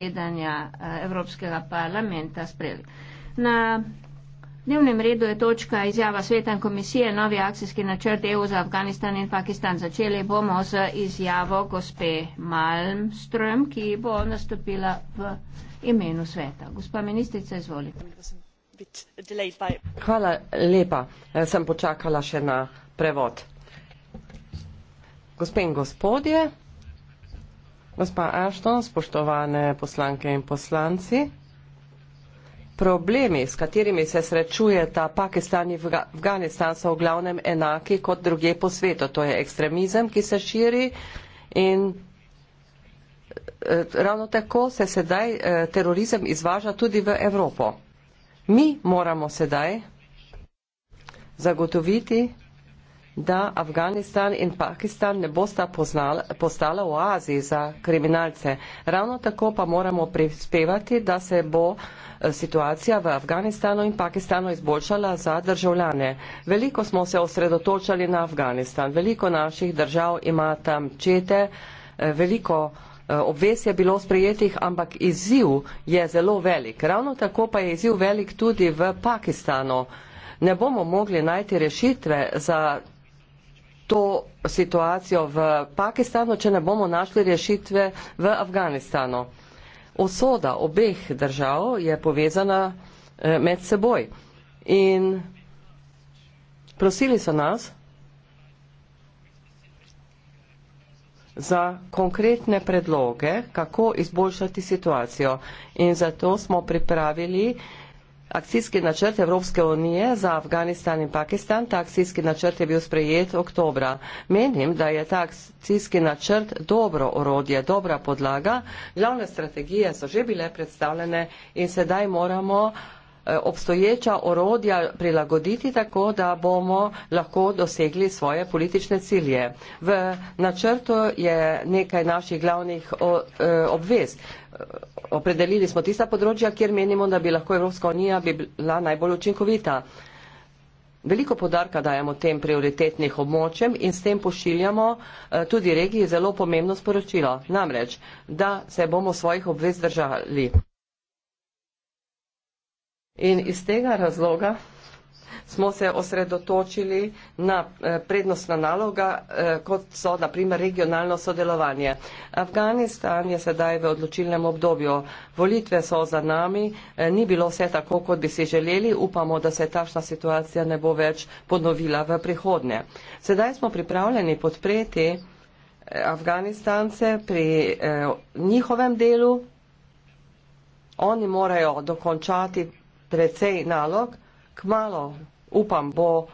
zasedanja eh, Evropskega parlamenta sprejeli. Na dnevnem redu je točka izjava sveta in komisije novi akcijski načrt EU za Afganistan in Pakistan. Začeli bomo z izjavo gospe Malmström, ki bo nastopila v imenu sveta. Gospa ministrica, izvolite. Hvala lepa. Eh, sem počakala še na prevod. Gospe in gospodje, Gospa Ashton, spoštovane poslanke in poslanci, problemi, s katerimi se srečuje ta Pakistan in Afganistan, so v glavnem enaki kot druge po svetu. To je ekstremizem, ki se širi in eh, ravno tako se sedaj eh, terorizem izvaža tudi v Evropo. Mi moramo sedaj zagotoviti da Afganistan in Pakistan ne bosta poznal, postala oazi za kriminalce. Ravno tako pa moramo prispevati, da se bo eh, situacija v Afganistanu in Pakistanu izboljšala za državljane. Veliko smo se osredotočali na Afganistan, veliko naših držav ima tam čete, eh, veliko eh, obvez je bilo sprejetih, ampak izziv je zelo velik. Ravno tako pa je izziv velik tudi v Pakistanu. Ne bomo mogli najti rešitve za to situacijo v Pakistanu, če ne bomo našli rešitve v Afganistanu. Osoda obeh držav je povezana eh, med seboj in prosili so nas za konkretne predloge, kako izboljšati situacijo in zato smo pripravili uh, Akcijski načrt Evropske unije za Afganistan in Pakistan, ta akcijski načrt je bil sprejet oktobra. Menim, da je ta akcijski načrt dobro orodje, dobra podlaga. Glavne strategije so že bile predstavljene in sedaj moramo uh, Eh, obstoječa orodja prilagoditi tako, da bomo lahko dosegli svoje politične cilje. V načrtu je nekaj naših glavnih eh, obvez. Opredelili smo tista področja, kjer menimo, da bi lahko Evropska unija bila najbolj učinkovita. Veliko podarka dajemo tem prioritetnih območjem in s tem pošiljamo eh, tudi regiji zelo pomembno sporočilo, namreč, da se bomo svojih obvez držali. In iz tega razloga smo se osredotočili na eh, prednostna naloga, eh, kot so naprimer regionalno sodelovanje. Afganistan je sedaj v odločilnem obdobju. Volitve so za nami, eh, ni bilo vse tako, kot bi si želeli, upamo, da se tašna situacija ne bo več ponovila v prihodnje. Sedaj smo pripravljeni podpreti Afganistance pri njihovem delu. Oni morajo dokončati precej nalog, kmalo upam bo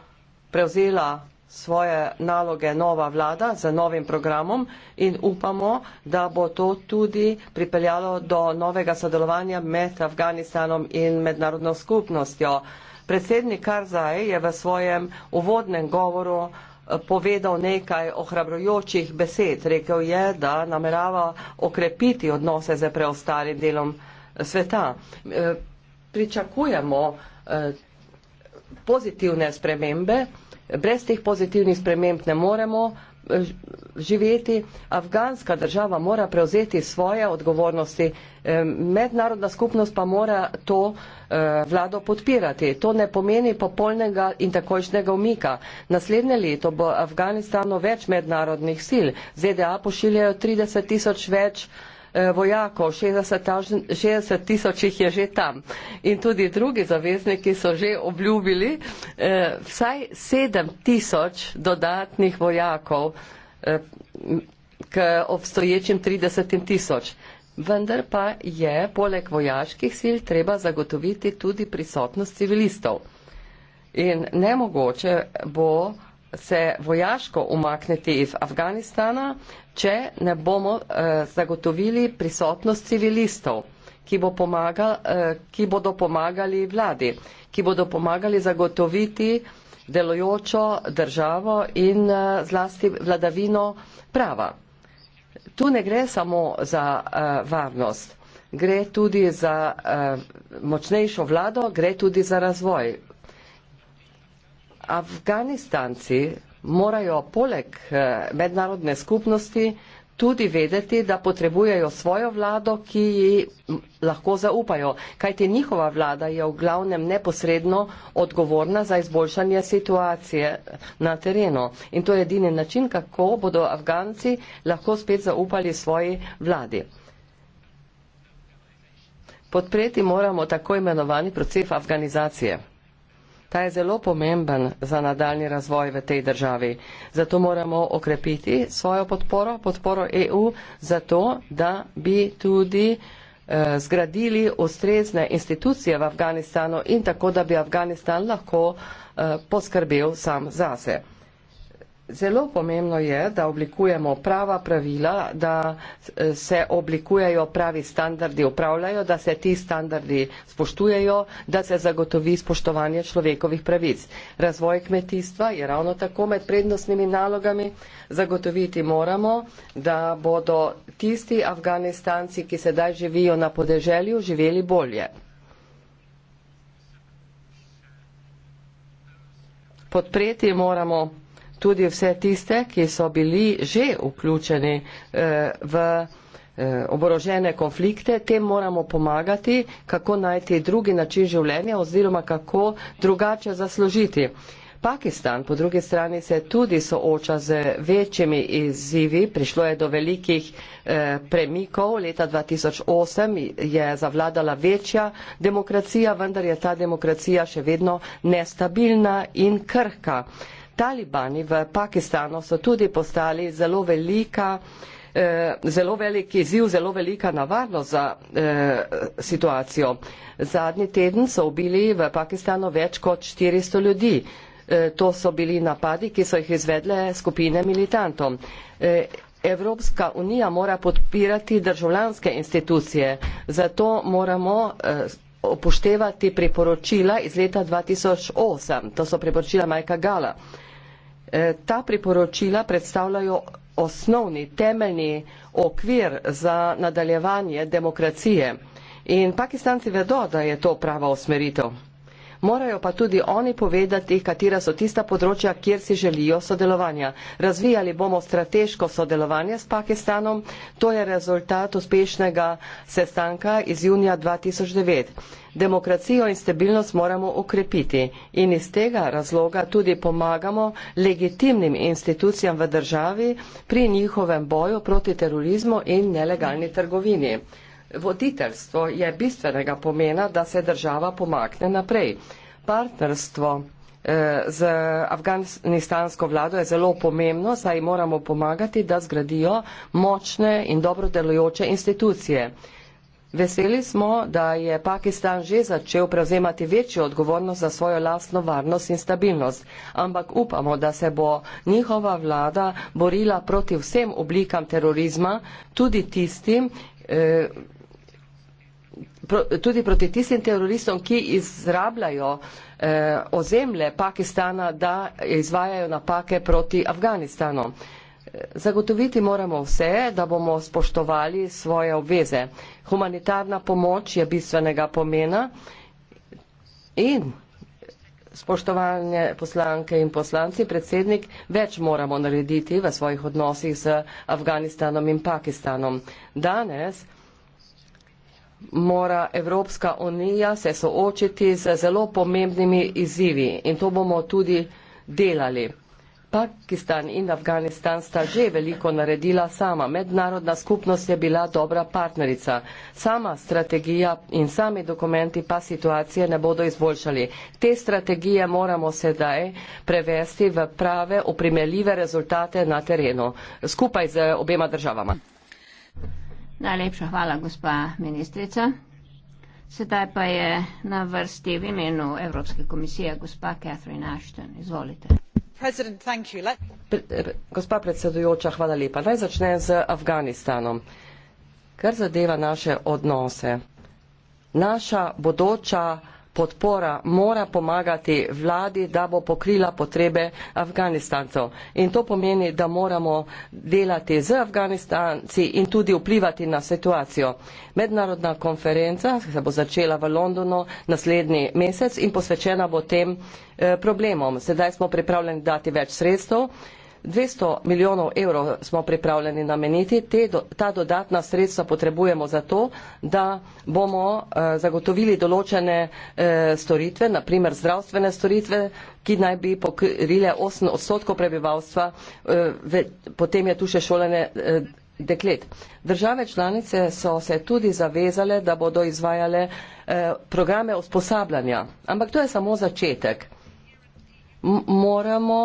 prevzela svoje naloge nova vlada z novim programom in upamo, da bo to tudi pripeljalo do novega sodelovanja med Afganistanom in mednarodno skupnostjo. Predsednik Karzaj je v svojem uvodnem govoru eh, povedal nekaj ohrabrojočih besed. Rekel je, da namerava okrepiti odnose z preostalim delom eh, sveta. Eh, pričakujemo eh, pozitivne spremembe. Brez teh pozitivnih sprememb ne moremo eh, živeti. Afganska država mora prevzeti svoje odgovornosti, eh, mednarodna skupnost pa mora to vlado podpirati. To ne pomeni popolnega in takojšnjega umika. Naslednje leto bo Afganistanu več mednarodnih sil. ZDA pošiljajo 30 tisoč več Eh, vojakov, 60 tisoč jih je že tam. In tudi drugi zavezniki so že obljubili eh, vsaj 7 tisoč dodatnih vojakov eh, k obstoječim 30 tisoč. Vendar pa je poleg vojaških sil treba zagotoviti tudi prisotnost civilistov. In nemogoče bo se vojaško umakniti iz Afganistana, če ne bomo eh, zagotovili prisotnost civilistov, ki, bo pomaga, eh, ki bodo pomagali vladi, ki bodo pomagali zagotoviti delojočo državo in eh, zlasti vladavino prava. Tu ne gre samo za eh, varnost, gre tudi za eh, močnejšo vlado, gre tudi za razvoj Afganistanci morajo poleg eh, mednarodne skupnosti tudi vedeti, da potrebujejo svojo vlado, ki ji lahko zaupajo, kajti njihova vlada je v glavnem neposredno odgovorna za izboljšanje situacije na terenu. In to je edini način, kako bodo Afganci lahko spet zaupali svoji vladi. Podpreti moramo tako imenovani proces afganizacije. Ta je zelo pomemben za nadaljni razvoj v tej državi. Zato moramo okrepiti svojo podporo, podporo EU, zato da bi tudi eh, zgradili ustrezne institucije v Afganistanu in tako, da bi Afganistan lahko eh, poskrbel sam zase. Zelo pomembno je, da oblikujemo prava pravila, da eh, se oblikujejo pravi standardi, upravljajo, da se ti standardi spoštujejo, da se zagotovi spoštovanje človekovih pravic. Razvoj kmetijstva je ravno tako med prednostnimi nalogami. Zagotoviti moramo, da bodo tisti Afganistanci, ki sedaj živijo na podeželju, živeli bolje. Podpreti moramo tudi vse tiste, ki so bili že vključeni eh, v eh, oborožene konflikte, tem moramo pomagati, kako najti drugi način življenja oziroma kako drugače zaslužiti. Pakistan po drugi strani se tudi sooča z večjimi izzivi, prišlo je do velikih eh, premikov, leta 2008 je zavladala večja demokracija, vendar je ta demokracija še vedno nestabilna in krhka. Eh, Talibani v Pakistanu so tudi postali zelo velika eh, zelo velik izziv, zelo velika navarnost za eh, situacijo. Zadnji teden so ubili v Pakistanu več kot 400 ljudi. Eh, to so bili napadi, ki so jih izvedle skupine militantov. Eh, Evropska unija mora podpirati državljanske institucije, zato moramo eh, opuštevati priporočila iz leta 2008. To so priporočila Majka Gala. Eh, Eh, ta priporočila predstavljajo osnovni, temeljni okvir za nadaljevanje demokracije. In Pakistanci vedo, da je to prava usmeritev morajo pa tudi oni povedati, katera so tista področja, kjer si želijo sodelovanja. Razvijali bomo strateško sodelovanje s Pakistanom, to je rezultat uspešnega sestanka iz junija 2009. Demokracijo in stabilnost moramo ukrepiti in iz tega razloga tudi pomagamo legitimnim institucijam v državi pri njihovem boju proti terorizmu in nelegalni trgovini. Voditeljstvo je bistvenega pomena, da se država pomakne naprej. Partnerstvo eh, z afganistansko vlado je zelo pomembno, saj moramo pomagati, da zgradijo močne in dobro delujoče institucije. Veseli smo, da je Pakistan že začel prevzemati večjo odgovornost za svojo lastno varnost in stabilnost, ampak upamo, da se bo njihova vlada borila proti vsem oblikam terorizma, tudi tistim, eh, tudi proti tistim teroristom, ki izrabljajo eh, ozemlje Pakistana, da izvajajo napake proti Afganistanu. Eh, zagotoviti moramo vse, da bomo spoštovali svoje obveze. Humanitarna pomoč je bistvenega pomena in spoštovanje poslanke in poslanci, predsednik, več moramo narediti v svojih odnosih z Afganistanom in Pakistanom. Danes mora Evropska unija se soočiti z zelo pomembnimi izzivi in to bomo tudi delali. Pakistan in Afganistan sta že veliko naredila sama. Mednarodna skupnost je bila dobra partnerica. Sama strategija in sami dokumenti pa situacije ne bodo izboljšali. Te strategije moramo sedaj prevesti v prave, oprimeljive rezultate na terenu, skupaj z obema državama. Najlepša hvala, gospa ministrica. Sedaj pa je na vrsti v imenu Evropske komisije gospa Catherine Ashton. Izvolite. Gospa predsedujoča, hvala lepa. Naj začne z Afganistanom. Kar zadeva naše odnose. Naša bodoča podpora mora pomagati vladi, da bo pokrila potrebe Afganistancev. In to pomeni, da moramo delati z Afganistanci in tudi vplivati na situacijo. Mednarodna konferenca se bo začela v Londonu naslednji mesec in posvečena bo tem eh, problemom. Sedaj smo pripravljeni dati več sredstev. 200 milijonov evrov smo pripravljeni nameniti, te, ta dodatna sredstva potrebujemo zato, da bomo eh, zagotovili določene eh, storitve, naprimer zdravstvene storitve, ki naj bi pokrile 8 odstotkov prebivalstva, eh, potem je tu še šolene deklet. Države članice so se tudi zavezale, da bodo izvajale programe usposabljanja, ampak to je samo začetek. M moramo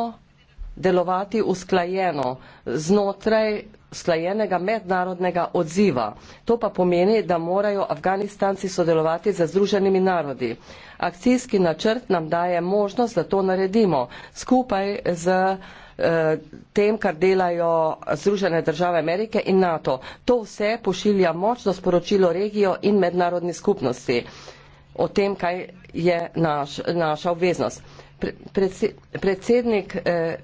delovati usklajeno znotraj sklajenega mednarodnega odziva. To pa pomeni, da morajo Afganistanci sodelovati z Združenimi narodi. Akcijski načrt nam daje možnost, da to naredimo skupaj z eh, tem, kar delajo Združene države Amerike in NATO. To vse pošilja močno sporočilo regijo in mednarodni skupnosti o tem, kaj je naš, naša obveznost. Predsednik eh,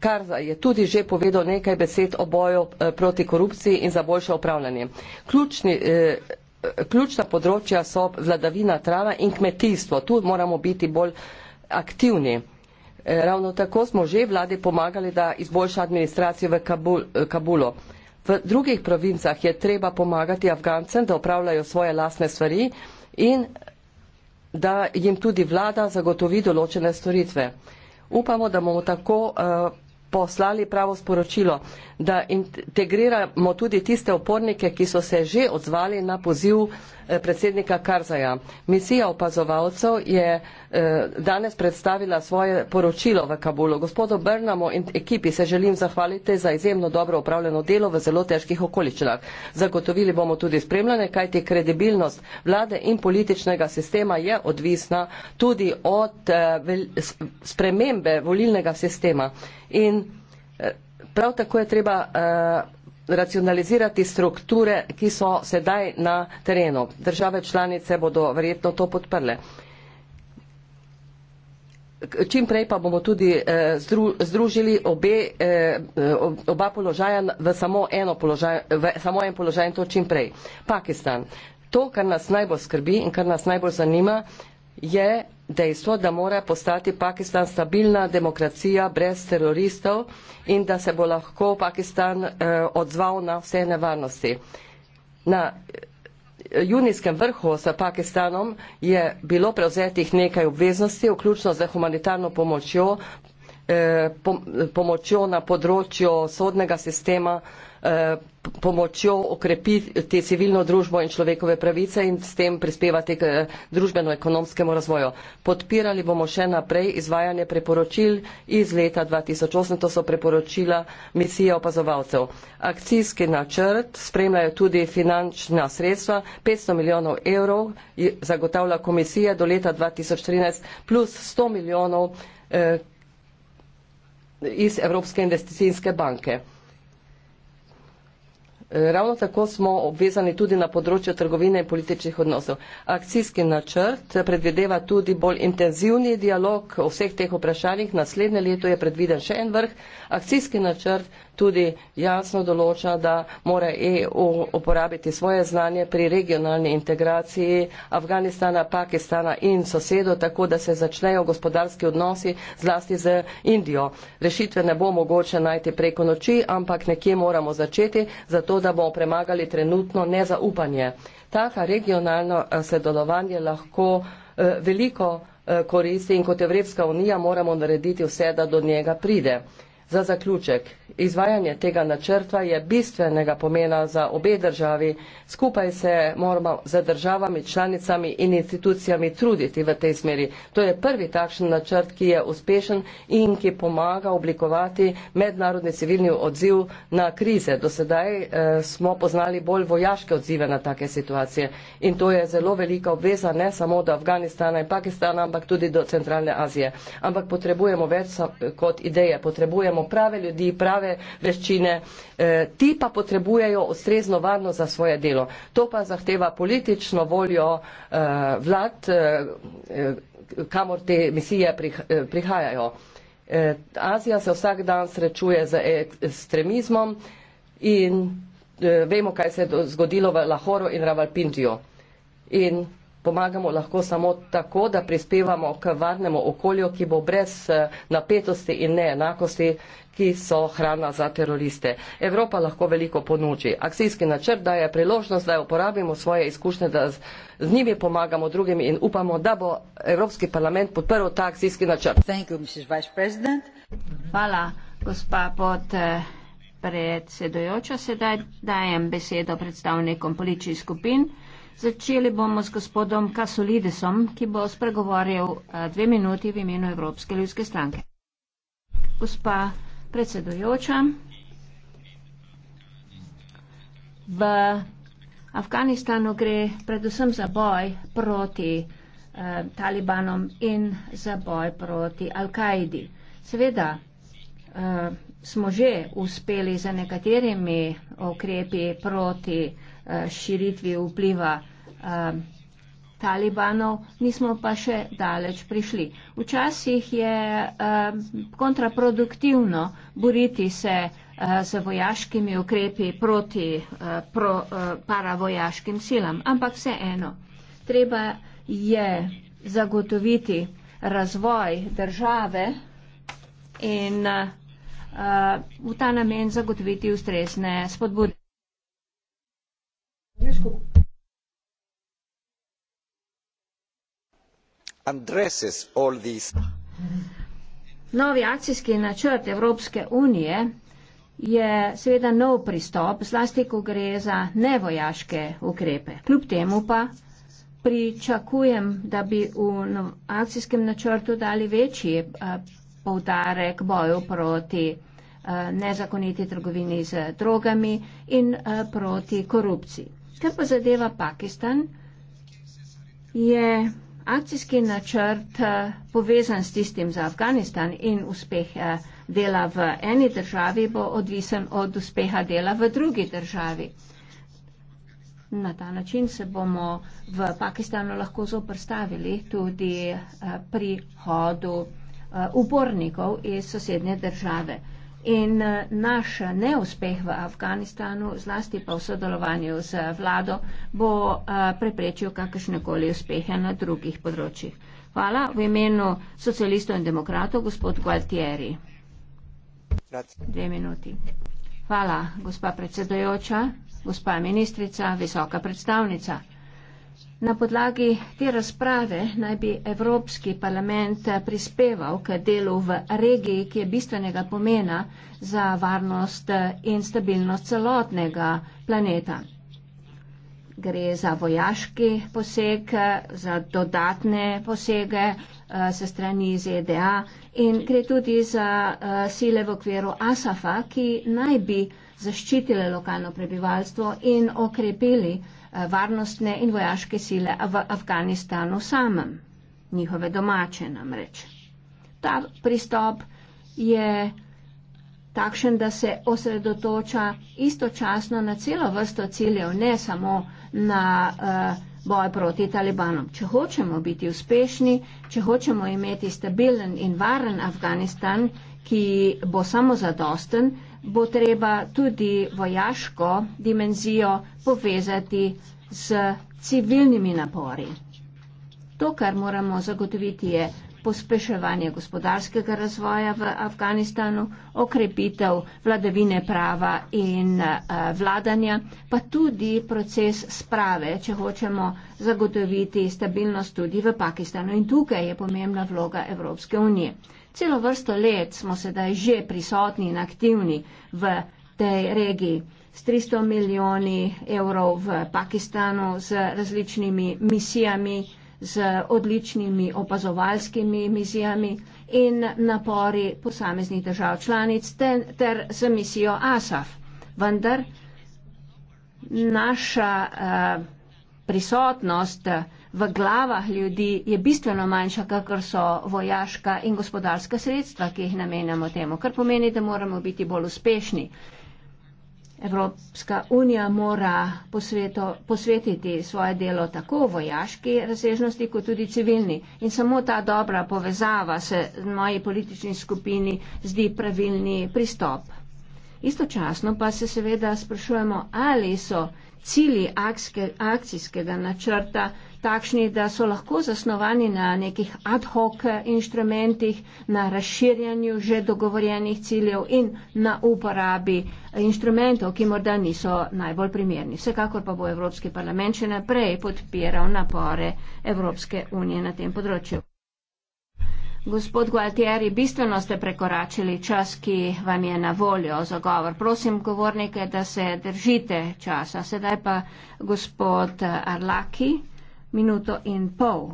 kar je tudi že povedal nekaj besed o boju eh, proti korupciji in za boljše upravljanje. Ključni, eh, ključna področja so vladavina prava in kmetijstvo. Tu moramo biti bolj aktivni. Eh, ravno tako smo že vladi pomagali, da izboljša administracijo v Kabul, Kabulu. V drugih provincah je treba pomagati Afgancem, da upravljajo svoje lasne stvari in da jim tudi vlada zagotovi določene storitve. Upamo, da bomo tako uh, poslali pravo sporočilo, da integriramo tudi tiste upornike, ki so se že odzvali na poziv predsednika Karzaja. Misija opazovalcev je eh, danes predstavila svoje poročilo v Kabulu. Gospodu Brnamo in ekipi se želim zahvaliti za izjemno dobro upravljeno delo v zelo težkih okoliščinah. Zagotovili bomo tudi spremljanje, kajti kredibilnost vlade in političnega sistema je odvisna tudi od eh, spremembe volilnega sistema. In eh, prav tako je treba racionalizirati strukture, ki so sedaj na terenu. Države članice bodo verjetno to podprle. Čim prej pa bomo tudi eh, zdru, združili obe, eh, oba položaja v samo, eno položaj, v samo en položaj in to čim prej. Pakistan. To, kar nas najbolj skrbi in kar nas najbolj zanima, je dejstvo, da mora postati Pakistan stabilna demokracija brez teroristov in da se bo lahko Pakistan eh, odzval na vse nevarnosti. Na eh, junijskem vrhu s Pakistanom je bilo prevzetih nekaj obveznosti, vključno z humanitarno pomočjo, eh, pom pomočjo na področju sodnega sistema, eh, Eh, pomočjo okrepiti civilno družbo in človekove pravice in s tem prispevati k eh, družbeno-ekonomskemu razvoju. Podpirali bomo še naprej izvajanje preporočil iz leta 2008, to so preporočila misije opazovalcev. Akcijski načrt spremljajo tudi finančna sredstva, 500 milijonov evrov zagotavlja komisija do leta 2013 plus 100 milijonov eh, iz Evropske investicijske banke. Ravno tako smo obvezani tudi na področju trgovine in političnih odnosov. Akcijski načrt predvideva tudi bolj intenzivni dialog o vseh teh vprašanjih. Naslednje leto je predviden še en vrh. Akcijski načrt tudi jasno določa, da mora EU uporabiti svoje znanje pri regionalni integraciji Afganistana, Pakistana in sosedo, tako da se začnejo gospodarski odnosi zlasti z Indijo. Rešitve ne bo mogoče najti preko noči, ampak nekje moramo začeti. Zato da bomo premagali trenutno nezaupanje. Taka regionalno eh, sledovanje lahko eh, veliko eh, koristi in kot Evropska unija moramo narediti vse, da do njega pride. Za zaključek, izvajanje tega načrta je bistvenega pomena za obe državi, skupaj se moramo za državami, članicami in institucijami truditi v tej smeri. To je prvi takšen načrt, ki je uspešen in ki pomaga oblikovati mednarodni civilni odziv na krize. Do sedaj eh, smo poznali bolj vojaške odzive na take situacije in to je zelo velika obveza ne samo do Afganistana in Pakistana, ampak tudi do Centralne Azije. Ampak potrebujemo več kot ideje, potrebujemo potrebujemo prave ljudi, prave veščine, eh, ti pa potrebujejo ustrezno varnost za svoje delo. To pa zahteva politično voljo eh, vlad, eh, kamor te misije prihajajo. Azija se vsak dan srečuje z ekstremizmom in vemo, kaj se je zgodilo v Lahoru in Ravalpindiju. In pomagamo lahko samo tako, da prispevamo k varnemu okolju, ki bo brez eh, napetosti in neenakosti, ki so hrana za teroriste. Evropa lahko veliko ponuči. Akcijski načrt daje priložnost, da uporabimo svoje izkušnje, da z njimi pomagamo drugim in upamo, da bo Evropski parlament podprl ta akcijski načrt. Hvala, gospa pod. Eh predsedojočo. Sedaj dajem besedo predstavnikom političnih skupin. Začeli bomo s gospodom Kasolidesom, ki bo spregovoril eh, dve minuti v imenu Evropske ljudske stranke. Gospa predsedojoča, v Afganistanu gre predvsem za boj proti eh, talibanom in za boj proti Al-Kaidi. Seveda, eh, smo že uspeli za nekaterimi okrepi proti eh, širitvi vpliva eh, talibanov, nismo pa še daleč prišli. Včasih je eh, kontraproduktivno boriti se z vojaškimi okrepi proti pro, paravojaškim silam, ampak vseeno. Treba je zagotoviti razvoj države in uh, v ta namen zagotoviti ustrezne spodbude. Novi akcijski načrt Evropske unije je seveda nov pristop, zlasti ko gre za nevojaške ukrepe. Kljub temu pa pričakujem, da bi v no, akcijskem načrtu dali večji eh, poudarek boju proti eh, nezakoniti trgovini z drogami in eh, proti korupciji. Kar pa zadeva Pakistan, je akcijski načrt eh, povezan s tistim za Afganistan in uspeh dela v eni državi bo odvisen od uspeha dela v drugi državi. Na ta način se bomo v Pakistanu lahko zoprstavili tudi prihodu. Eh, upornikov iz sosednje države. In eh, naš neuspeh v Afganistanu, zlasti pa v sodelovanju z vlado, bo eh, preprečil kakršnekoli uspehe na drugih področjih. Hvala v imenu socialistov in demokratov, gospod Gualtieri. Dve minuti. Hvala, gospa predsedojoča, gospa ministrica, visoka predstavnica. Na podlagi te razprave naj bi Evropski parlament prispeval k delu v regiji, ki je bistvenega pomena za varnost in stabilnost celotnega planeta. Gre za vojaški poseg, za dodatne posege eh, se strani ZDA in gre tudi za eh, sile v okviru ASAF-a, ki naj bi zaščitile lokalno prebivalstvo in okrepili Eh, varnostne in vojaške sile v Afganistanu samem, njihove domače namreč. Ta pristop je takšen, da se osredotoča istočasno na celo vrsto ciljev, ne samo na uh, boj proti talibanom. Če hočemo biti uspešni, če hočemo imeti stabilen in varen Afganistan, ki bo samozadosten, uh, bo treba tudi vojaško dimenzijo povezati z civilnimi napori. To, kar moramo zagotoviti, je pospeševanje gospodarskega razvoja v Afganistanu, okrepitev vladavine prava in eh, vladanja, pa tudi proces sprave, če hočemo zagotoviti stabilnost tudi v Pakistanu. In tukaj je pomembna vloga Evropske unije. Celo vrsto let smo sedaj že prisotni in aktivni v tej regiji s 300 milijoni evrov v Pakistanu, z različnimi misijami, z odličnimi opazovalskimi misijami in napori posameznih držav članic ten, ter z misijo ASAF. Vendar naša uh, prisotnost uh, v glavah ljudi je bistveno manjša, kakor so vojaška in gospodarska sredstva, ki jih namenjamo temu, kar pomeni, da moramo biti bolj uspešni. Evropska unija mora posveto, posvetiti svoje delo tako vojaški razsežnosti, kot tudi civilni. In samo ta dobra povezava se v moji politični skupini zdi pravilni pristop. Istočasno pa se seveda sprašujemo, ali so cilji akske, akcijskega načrta takšni, da so lahko zasnovani na nekih ad hoc inštrumentih, na razširjanju že dogovorjenih ciljev in na uporabi inštrumentov, ki morda niso najbolj primerni. Vsekakor pa bo Evropski parlament še naprej podpiral napore Evropske unije na tem področju. Gospod Gualtieri, bistveno ste prekoračili čas, ki vam je na voljo za govor. Prosim, govornike, da se držite časa. Sedaj pa gospod Arlaki, minuto in pol.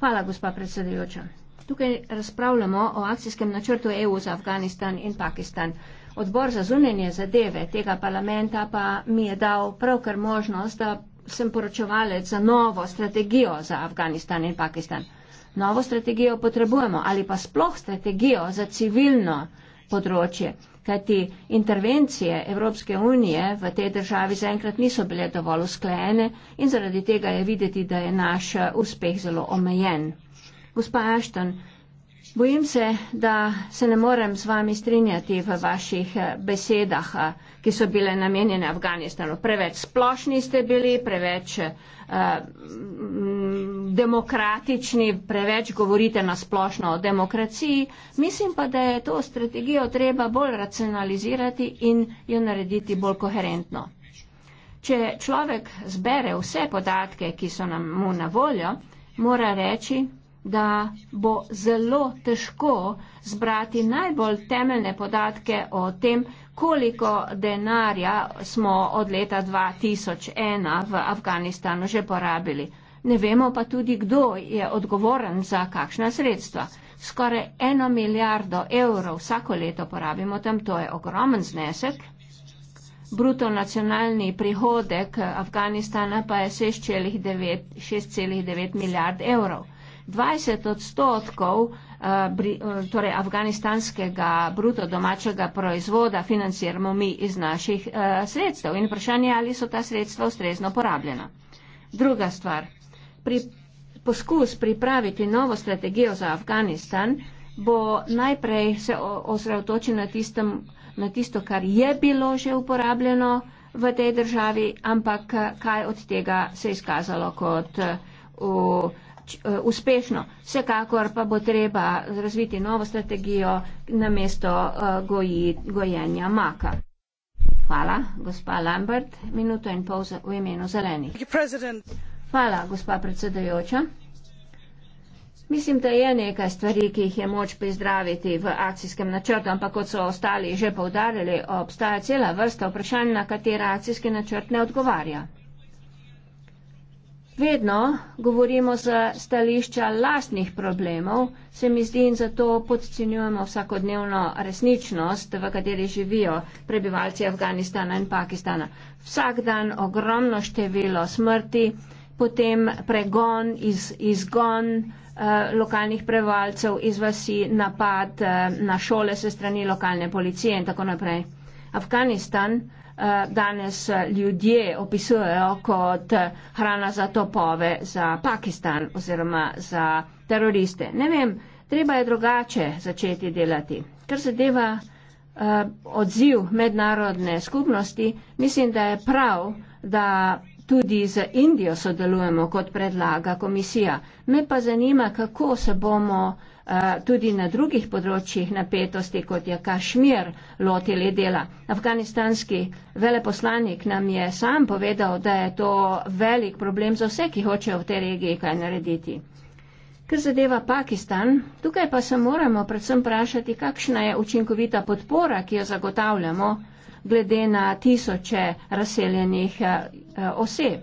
Hvala, gospa predsedujoča. Tukaj razpravljamo o akcijskem načrtu EU za Afganistan in Pakistan. Odbor za zunanje zadeve tega parlamenta pa mi je dal pravkar možnost, da sem poročevalec za novo strategijo za Afganistan in Pakistan. Novo strategijo potrebujemo ali pa sploh strategijo za civilno področje, kajti intervencije Evropske unije v tej državi zaenkrat niso bile dovolj usklajene in zaradi tega je videti, da je naš uspeh zelo omejen. Gospa Ashton, Bojim se, da se ne morem z vami strinjati v vaših eh, besedah, eh, ki so bile namenjene Afganistanu. Preveč splošni ste bili, preveč uh, demokratični, preveč govorite na splošno o demokraciji. Mislim pa, da je to strategijo treba bolj racionalizirati in jo narediti bolj koherentno. Če človek zbere vse podatke, ki so nam na voljo, mora reči, da bo zelo težko zbrati najbolj temeljne podatke o tem, koliko denarja smo od leta 2001 v Afganistanu že porabili. Ne vemo pa tudi, kdo je odgovoren za kakšna sredstva. Skoraj eno milijardo evrov vsako leto porabimo tam, to je ogromen znesek. Bruto nacionalni prihodek Afganistana pa je 6,9 milijard evrov. 20 odstotkov eh, eh, torej afganistanskega bruto domačega proizvoda financiramo mi iz naših eh, sredstev in vprašanje, ali so ta sredstva ustrezno porabljena. Druga stvar, pri poskus pripraviti novo strategijo za Afganistan bo najprej se osredotočil na, na tisto, kar je bilo že uporabljeno v tej državi, ampak kaj od tega se je izkazalo kot v uh, Eh, uspešno. Vsekakor pa bo treba razviti novo strategijo na mesto eh, goji, gojenja maka. Hvala, gospa Lambert. Minuto in pol v imenu zelenih. Hvala, gospa predsedajoča. Mislim, da je nekaj stvari, ki jih je moč pozdraviti v akcijskem načrtu, ampak kot so ostali že povdarjali, obstaja cela vrsta vprašanj, na katera akcijski načrt ne odgovarja vedno govorimo za stališča lastnih problemov, se mi zdi in zato podcenjujemo vsakodnevno resničnost, v kateri živijo prebivalci Afganistana in Pakistana. Vsak dan ogromno število smrti, potem pregon, iz, izgon eh, lokalnih prevalcev iz vasi, napad eh, na šole se strani lokalne policije in tako naprej. Afganistan Eh, danes eh, ljudje opisujejo kot eh, hrana za topove za Pakistan oziroma za teroriste. Ne vem, treba je drugače začeti delati. Kar zadeva odziv mednarodne skupnosti, mislim, da je prav, da tudi z Indijo sodelujemo, kot predlaga komisija. Me pa zanima, kako se bomo tudi na drugih področjih napetosti, kot je Kašmir, lotili dela. Afganistanski veleposlanik nam je sam povedal, da je to velik problem za vse, ki hočejo v tej regiji kaj narediti. Kar zadeva Pakistan, tukaj pa se moramo predvsem vprašati, kakšna je učinkovita podpora, ki jo zagotavljamo glede na tisoče razseljenih oseb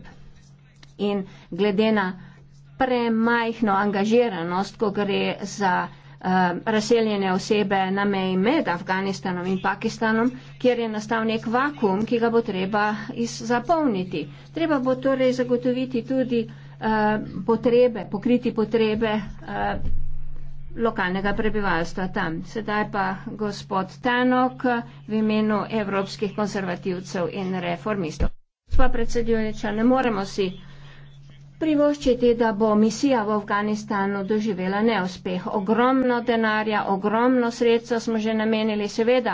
in glede na premajhno angažiranost, ko gre za eh, razseljene osebe na meji med Afganistanom in Pakistanom, kjer je nastal nek vakum, ki ga bo treba zapolniti. Treba bo torej zagotoviti tudi eh, potrebe, pokriti potrebe eh, lokalnega prebivalstva tam. Sedaj pa gospod Tanok v imenu evropskih konzervativcev in reformistov. Gospod predsedujoča, ne moremo si Privoščite, da bo misija v Afganistanu doživela neuspeh. Ogromno denarja, ogromno sredstva smo že namenili. Seveda,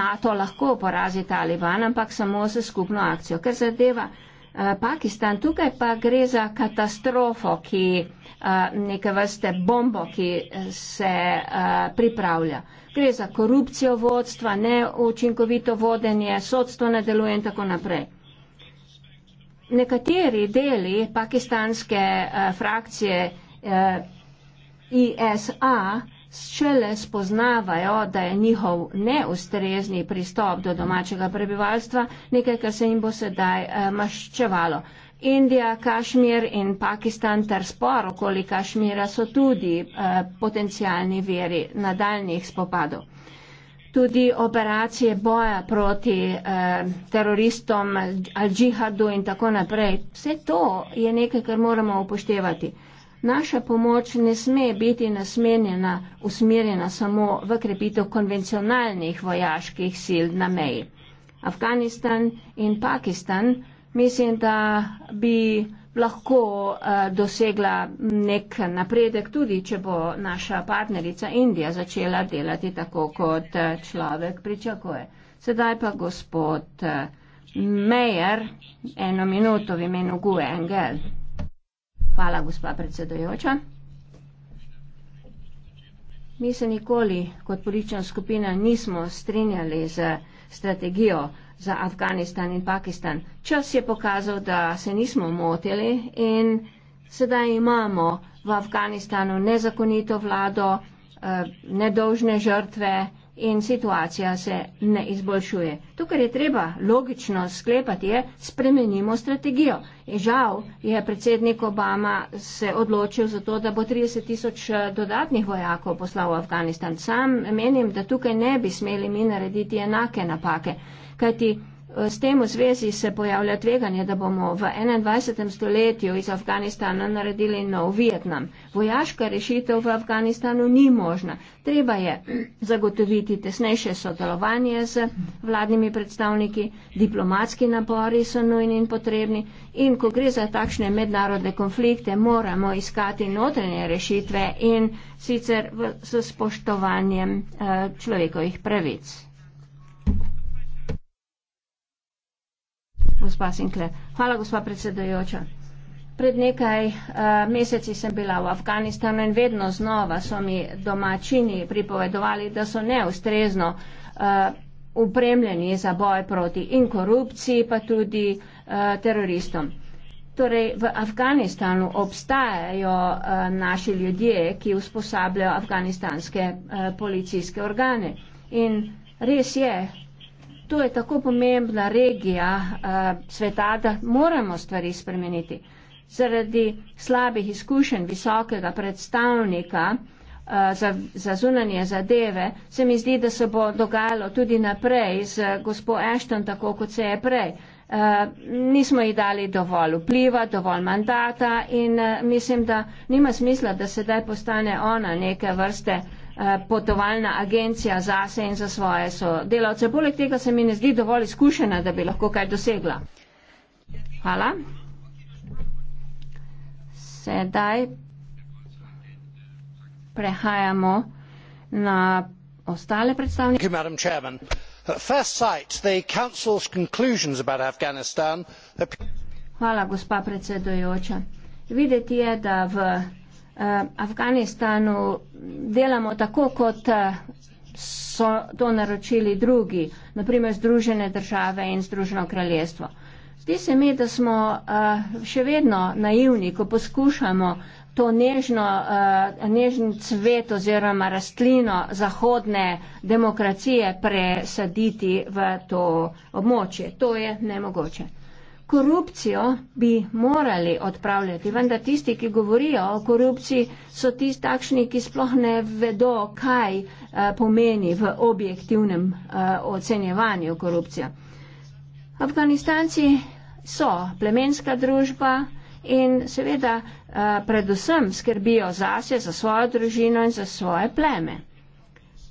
NATO lahko porazi Taliban, ampak samo z skupno akcijo. Ker zadeva eh, Pakistan, tukaj pa gre za katastrofo, ki eh, neke vrste bombo, ki eh, se eh, pripravlja. Gre za korupcijo vodstva, neučinkovito vodenje, sodstvo ne deluje in tako naprej nekateri deli pakistanske uh, frakcije uh, eh, ISA šele spoznavajo, da je njihov neustrezni pristop do domačega prebivalstva nekaj, kar se jim bo sedaj uh, maščevalo. Indija, Kašmir in Pakistan ter spor okoli Kašmira so tudi uh, potencijalni veri nadaljnih spopadov tudi operacije boja proti eh, teroristom, al-džihadu in tako naprej. Vse to je nekaj, kar moramo upoštevati. Naša pomoč ne sme biti nasmenjena, usmerjena samo v krepitev konvencionalnih vojaških sil na meji. Afganistan in Pakistan, mislim, da bi lahko uh, dosegla nek napredek, tudi če bo naša partnerica Indija začela delati tako, kot eh, človek pričakuje. Sedaj pa gospod eh, Mejer, eno minuto v imenu Gue Engel. Hvala, gospa predsedojoča. Mi se nikoli kot politična skupina nismo strinjali z strategijo za Afganistan in Pakistan. Čas je pokazal, da se nismo motili in sedaj imamo v Afganistanu nezakonito vlado, eh, nedolžne žrtve in situacija se ne izboljšuje. To, kar je treba logično sklepati, je spremenimo strategijo. In žal je predsednik Obama se odločil za to, da bo 30 tisoč eh, dodatnih vojakov poslal v Afganistan. Sam menim, da tukaj ne bi smeli mi narediti enake napake, kajti S tem v zvezi se pojavlja tveganje, da bomo v 21. stoletju iz Afganistana naredili nov Vietnam. Vojaška rešitev v Afganistanu ni možna. Treba je zagotoviti tesnejše sodelovanje z vladnimi predstavniki, diplomatski napori so nujni in potrebni in ko gre za takšne mednarodne konflikte, moramo iskati notranje rešitve in sicer v, s spoštovanjem eh, človekovih pravic. gospa Sinkle. Hvala, gospa predsedujoča. Pred nekaj uh, meseci sem bila v Afganistanu in vedno znova so mi domačini pripovedovali, da so neustrezno uh, eh, upremljeni za boj proti in korupciji, pa tudi uh, teroristom. Torej, v Afganistanu obstajajo uh, naši ljudje, ki usposabljajo afganistanske uh, policijske organe. In res je, to je tako pomembna regija uh, sveta, da moramo stvari spremeniti. Zaradi slabih izkušenj visokega predstavnika uh, za, za zunanje zadeve se mi zdi, da se bo dogajalo tudi naprej z gospod Ashton, tako kot se je prej. Uh, nismo ji dali dovolj vpliva, dovolj mandata in uh, mislim, da nima smisla, da sedaj postane ona neke vrste uh, Eh, potovalna agencija zase in za svoje sodelavce. Poleg tega se mi ne zdi dovolj izkušena, da bi lahko kaj dosegla. Hvala. Sedaj prehajamo na ostale predstavnike. Hvala, gospa predsedujoča. Videti je, da v Eh, Afganistanu delamo tako, kot eh, so to naročili drugi, naprimer Združene države in Združeno kraljestvo. Zdi se mi, da smo eh, še vedno naivni, ko poskušamo to nežno, nežen cvet oziroma rastlino zahodne demokracije presaditi v to območje. To je nemogoče korupcijo bi morali odpravljati, vendar tisti, ki govorijo o korupciji, so tisti takšni, ki sploh ne vedo, kaj eh, pomeni v objektivnem eh, ocenjevanju korupcija. Afganistanci so plemenska družba in seveda eh, predvsem skrbijo zase, za svojo družino in za svoje pleme.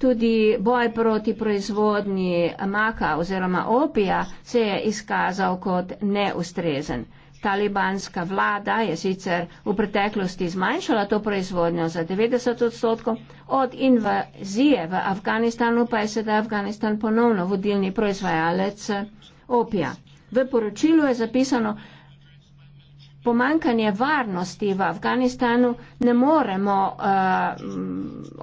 Tudi boj proti proizvodnji maka oziroma opija se je izkazal kot neustrezen. Talibanska vlada je sicer v preteklosti zmanjšala to proizvodnjo za 90 odstotkov, od invazije v Afganistanu pa je sedaj Afganistan ponovno vodilni proizvajalec opija. V poročilu je zapisano, pomankanje varnosti v Afganistanu ne moremo uh,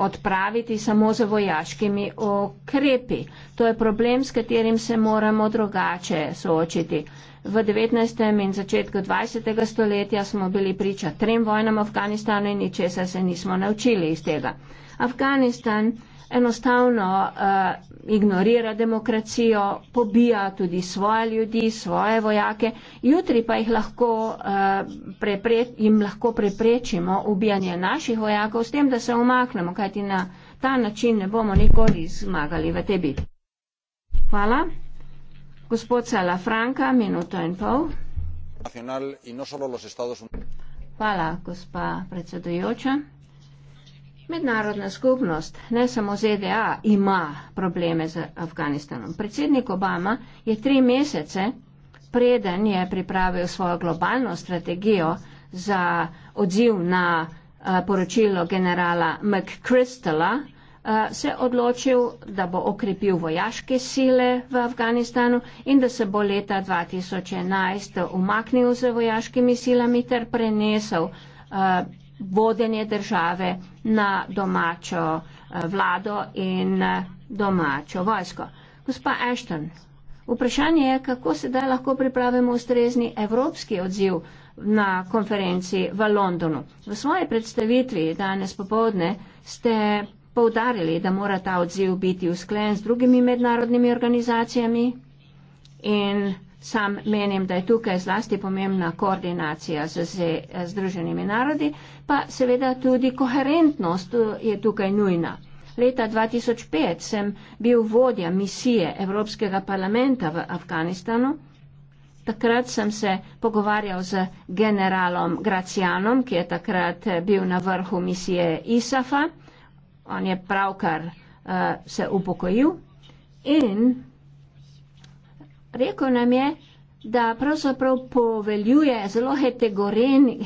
odpraviti samo z vojaškimi okrepi. To je problem, s katerim se moramo drugače soočiti. V 19. in začetku 20. stoletja smo bili priča trem vojnam v Afganistanu in ničesa se nismo naučili iz tega. Afganistan enostavno uh, ignorira demokracijo, pobija tudi svoje ljudi, svoje vojake, jutri pa jih lahko, uh, prepre, jim lahko preprečimo ubijanje naših vojakov s tem, da se omaknemo, kajti na ta način ne bomo nikoli zmagali v tej bitki. Hvala. Gospod Sala Franka, minuto in pol. No Hvala, gospa predsedujoča. Mednarodna skupnost, ne samo ZDA, ima probleme z Afganistanom. Predsednik Obama je tri mesece, preden je pripravil svojo globalno strategijo za odziv na eh, poročilo generala McChrystala, eh, se odločil, da bo okrepil vojaške sile v Afganistanu in da se bo leta 2011 umaknil z vojaškimi silami ter prenesel eh, vodenje države na domačo eh, vlado in eh, domačo vojsko. Gospa Ashton, vprašanje je, kako se da lahko pripravimo ustrezni evropski odziv na konferenci v Londonu. V svoji predstavitvi danes popovdne ste povdarili, da mora ta odziv biti usklen z drugimi mednarodnimi organizacijami in Sam menim, da je tukaj zlasti pomembna koordinacija z eh, Združenimi narodi, pa seveda tudi koherentnost eh, je tukaj nujna. Leta 2005 sem bil vodja misije Evropskega parlamenta v Afganistanu. Takrat sem se pogovarjal z generalom Gracianom, ki je takrat eh, bil na vrhu misije ISAF-a. On je pravkar uh, se upokojil. In rekel nam je, da pravzaprav poveljuje zelo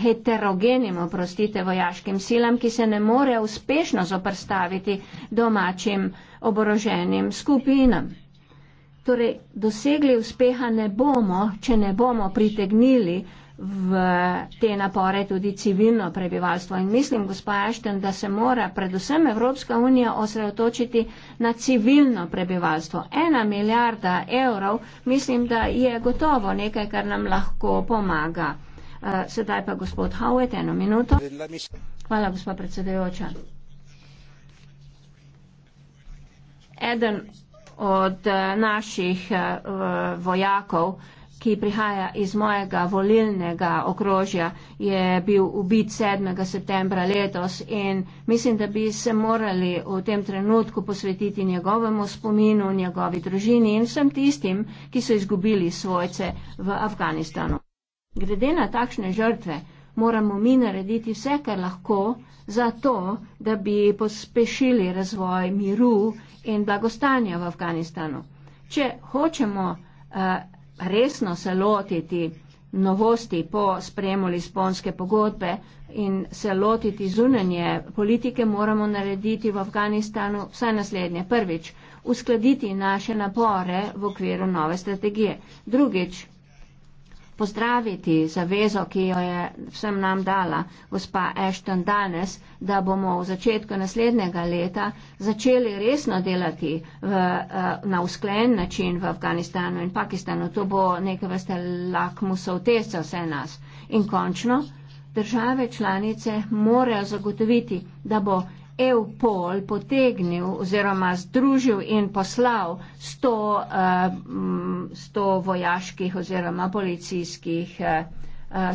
heterogenim oprostite vojaškim silam, ki se ne more uspešno zoprstaviti domačim oboroženim skupinam. Torej, dosegli uspeha ne bomo, če ne bomo pritegnili v te napore tudi civilno prebivalstvo. In mislim, gospod Ašten, da se mora predvsem Evropska unija osredotočiti na civilno prebivalstvo. Ena milijarda evrov mislim, da je gotovo nekaj, kar nam lahko pomaga. Eh, sedaj pa gospod Howet, eno minuto. Hvala, gospod predsedujoča. Eden od eh, naših eh, vojakov ki prihaja iz mojega volilnega okrožja, je bil ubit 7. septembra letos in mislim, da bi se morali v tem trenutku posvetiti njegovemu spominu, njegovi družini in vsem tistim, ki so izgubili svojce v Afganistanu. Glede na takšne žrtve moramo mi narediti vse, kar lahko, zato, da bi pospešili razvoj miru in blagostanja v Afganistanu. Če hočemo uh, resno se lotiti novosti po sprejemu Lisbonske pogodbe in se lotiti zunanje politike, moramo narediti v Afganistanu vsaj naslednje. Prvič, uskladiti naše napore v okviru nove strategije. Drugič, pozdraviti zavezo, ki jo je vsem nam dala gospa Ashton danes, da bomo v začetku naslednjega leta začeli resno delati v, eh, na usklen način v Afganistanu in Pakistanu. To bo neke vrste lakmusov test za vse nas. In končno, države članice morajo zagotoviti, da bo Evpol potegnil oziroma združil in poslal 100, uh, 100 vojaških oziroma policijskih uh,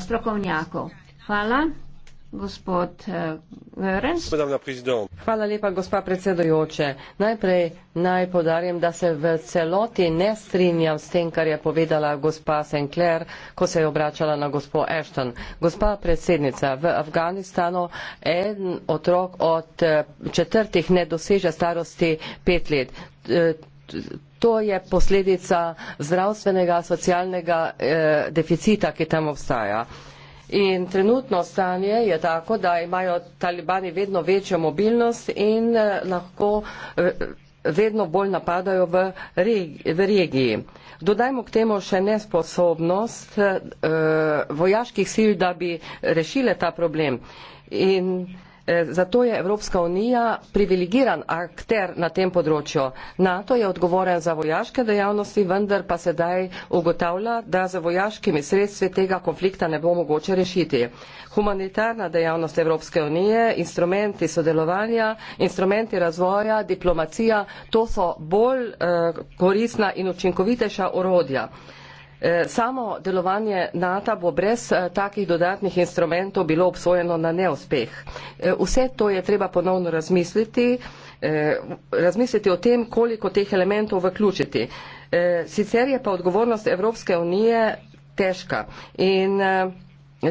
strokovnjakov. Hvala. Eh, Hvala lepa, gospa predsedojoče. Najprej naj podarjem, da se v celoti ne strinjam s tem, kar je povedala gospa Sinclair, ko se je obračala na gospo Ashton. Gospa predsednica, v Afganistanu en otrok od eh, četrtih ne doseže starosti pet let. Eh, to je posledica zdravstvenega, socialnega eh, deficita, ki tam obstaja. Eh, In trenutno stanje je tako, da imajo talibani vedno večjo mobilnost in eh, lahko eh, vedno bolj napadajo v, regi, v regiji. Dodajmo k temu še nesposobnost eh, vojaških sil, da bi rešile ta problem. In Eh, zato je Evropska unija privilegiran akter na tem področju. NATO je odgovoren za vojaške dejavnosti, vendar pa sedaj ugotavlja, da za vojaškimi sredstvi tega konflikta ne bo mogoče rešiti. Humanitarna dejavnost Evropske unije, instrumenti sodelovanja, instrumenti razvoja, diplomacija, to so bolj eh, koristna in učinkovitejša orodja. Eh, samo delovanje NATO bo brez eh, takih dodatnih instrumentov bilo obsojeno na neuspeh. Eh, vse to je treba ponovno razmisliti, razmisliti o tem, koliko teh elementov vključiti. Sicer je pa odgovornost Evropske unije težka. In,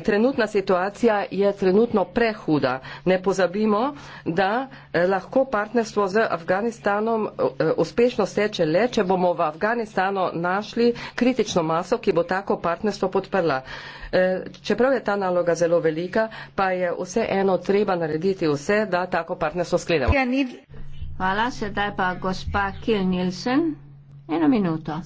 Trenutna situacija je trenutno prehuda. Ne pozabimo, da eh, lahko partnerstvo z Afganistanom eh, uspešno steče le, če bomo v Afganistanu našli kritično maso, ki bo tako partnerstvo podprla. Eh, čeprav je ta naloga zelo velika, pa je vse eno treba narediti vse, da tako partnerstvo skledemo. Hvala, sedaj pa gospa Kil Nielsen. Eno minuto.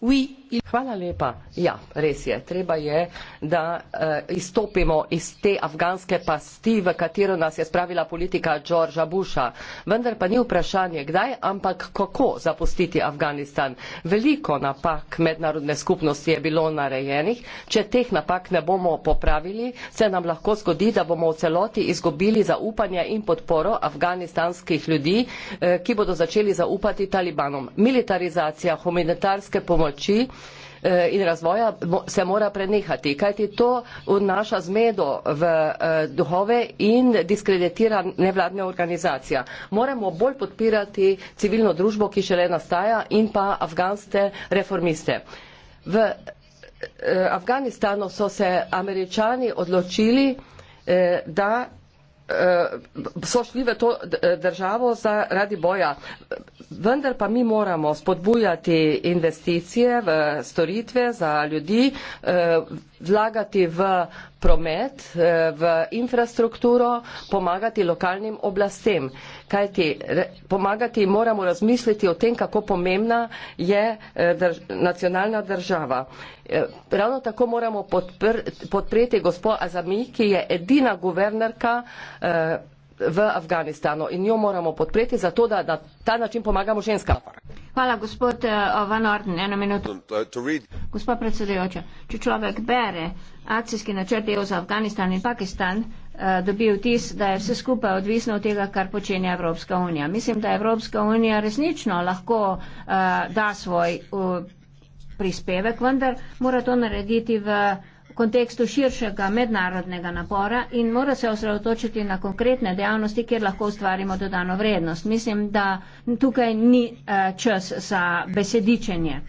Oui, Hvala lepa. Ja, res je. Treba je, da uh, izstopimo iz te afganske pasti, v katero nas je spravila politika Georgea Busha. Vendar pa ni vprašanje, kdaj, ampak kako zapustiti Afganistan. Veliko napak mednarodne skupnosti je bilo narejenih. Če teh napak ne bomo popravili, se nam lahko zgodi, da bomo v celoti izgubili zaupanje in podporo afganistanskih ljudi, uh, ki bodo začeli zaupati talibanom. Militarizacija humanitarske pomoči, Eh, in razvoja se mora prenehati, kajti to vnaša zmedo v eh, duhove in diskreditira nevladne organizacije. Moramo bolj podpirati civilno družbo, ki šele nastaja, in pa afganske reformiste. V eh, Afganistanu so se američani odločili, da Eh, so šli v to eh, državo zaradi boja. Vendar pa mi moramo spodbujati investicije v storitve za ljudi, eh, vlagati v promet, eh, v infrastrukturo, pomagati lokalnim oblastem. Kajti pomagati moramo razmisliti o tem, kako pomembna je eh, drž nacionalna država. Eh, ravno tako moramo podpreti gospod Azami, ki je edina guvernerka v Afganistanu in jo moramo podpreti zato, da na ta način pomagamo ženskam. Hvala, gospod eh, Van Orden, eno minuto. Gospod predsedujoča, če človek bere akcijski načrt EU za Afganistan in Pakistan, eh, dobi vtis, da je vse skupaj odvisno od tega, kar počne Evropska unija. Mislim, da Evropska unija resnično lahko eh, da svoj prispevek, vendar mora to narediti v kontekstu širšega mednarodnega napora in mora se osredotočiti na konkretne dejavnosti, kjer lahko ustvarimo dodano vrednost. Mislim, da tukaj ni eh, čas za besedičenje.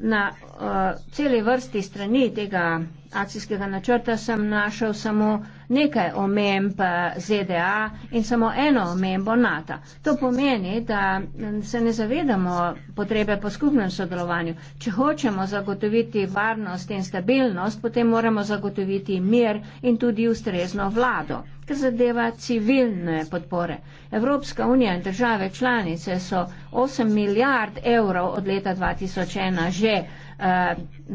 Na uh, celi vrsti strani tega akcijskega načrta sem našel samo uh, nekaj omemb eh, ZDA in samo eno omembo NATO. To pomeni, da mm, se ne zavedamo potrebe po skupnem sodelovanju. Če hočemo zagotoviti varnost in stabilnost, potem moramo zagotoviti mir in tudi ustrezno vlado kar zadeva civilne podpore. Evropska unija in države članice so 8 milijard evrov od leta 2001 že Eh,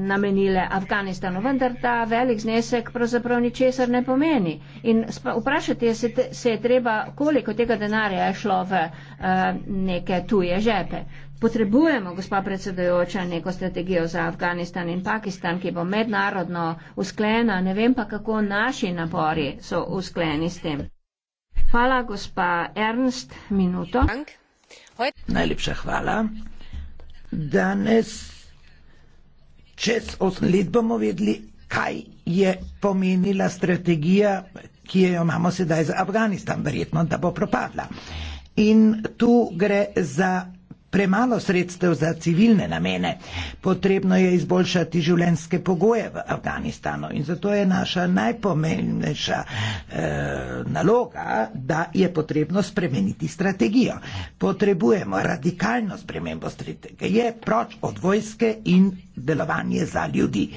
namenile Afganistanu, vendar ta velik znesek pravzaprav ničesar ne pomeni. In vprašati se, se je treba, koliko tega denarja je šlo v uh, neke tuje žepe. Potrebujemo, gospa predsedojoča, neko strategijo za Afganistan in Pakistan, ki bo mednarodno usklena, ne vem pa, kako naši napori so uskleni s tem. Hvala, gospa Ernst, minuto. Najlepša hvala. Danes čez 8 let bomo vedeli, kaj je pomenila strategija, ki jo imamo sedaj za Afganistan, verjetno, da bo propadla. In tu gre za premalo sredstev za civilne namene. Potrebno je izboljšati življenjske pogoje v Afganistanu in zato je naša najpomembnejša eh, naloga, da je potrebno spremeniti strategijo. Potrebujemo radikalno spremembo strategije, proč od vojske in delovanje za ljudi.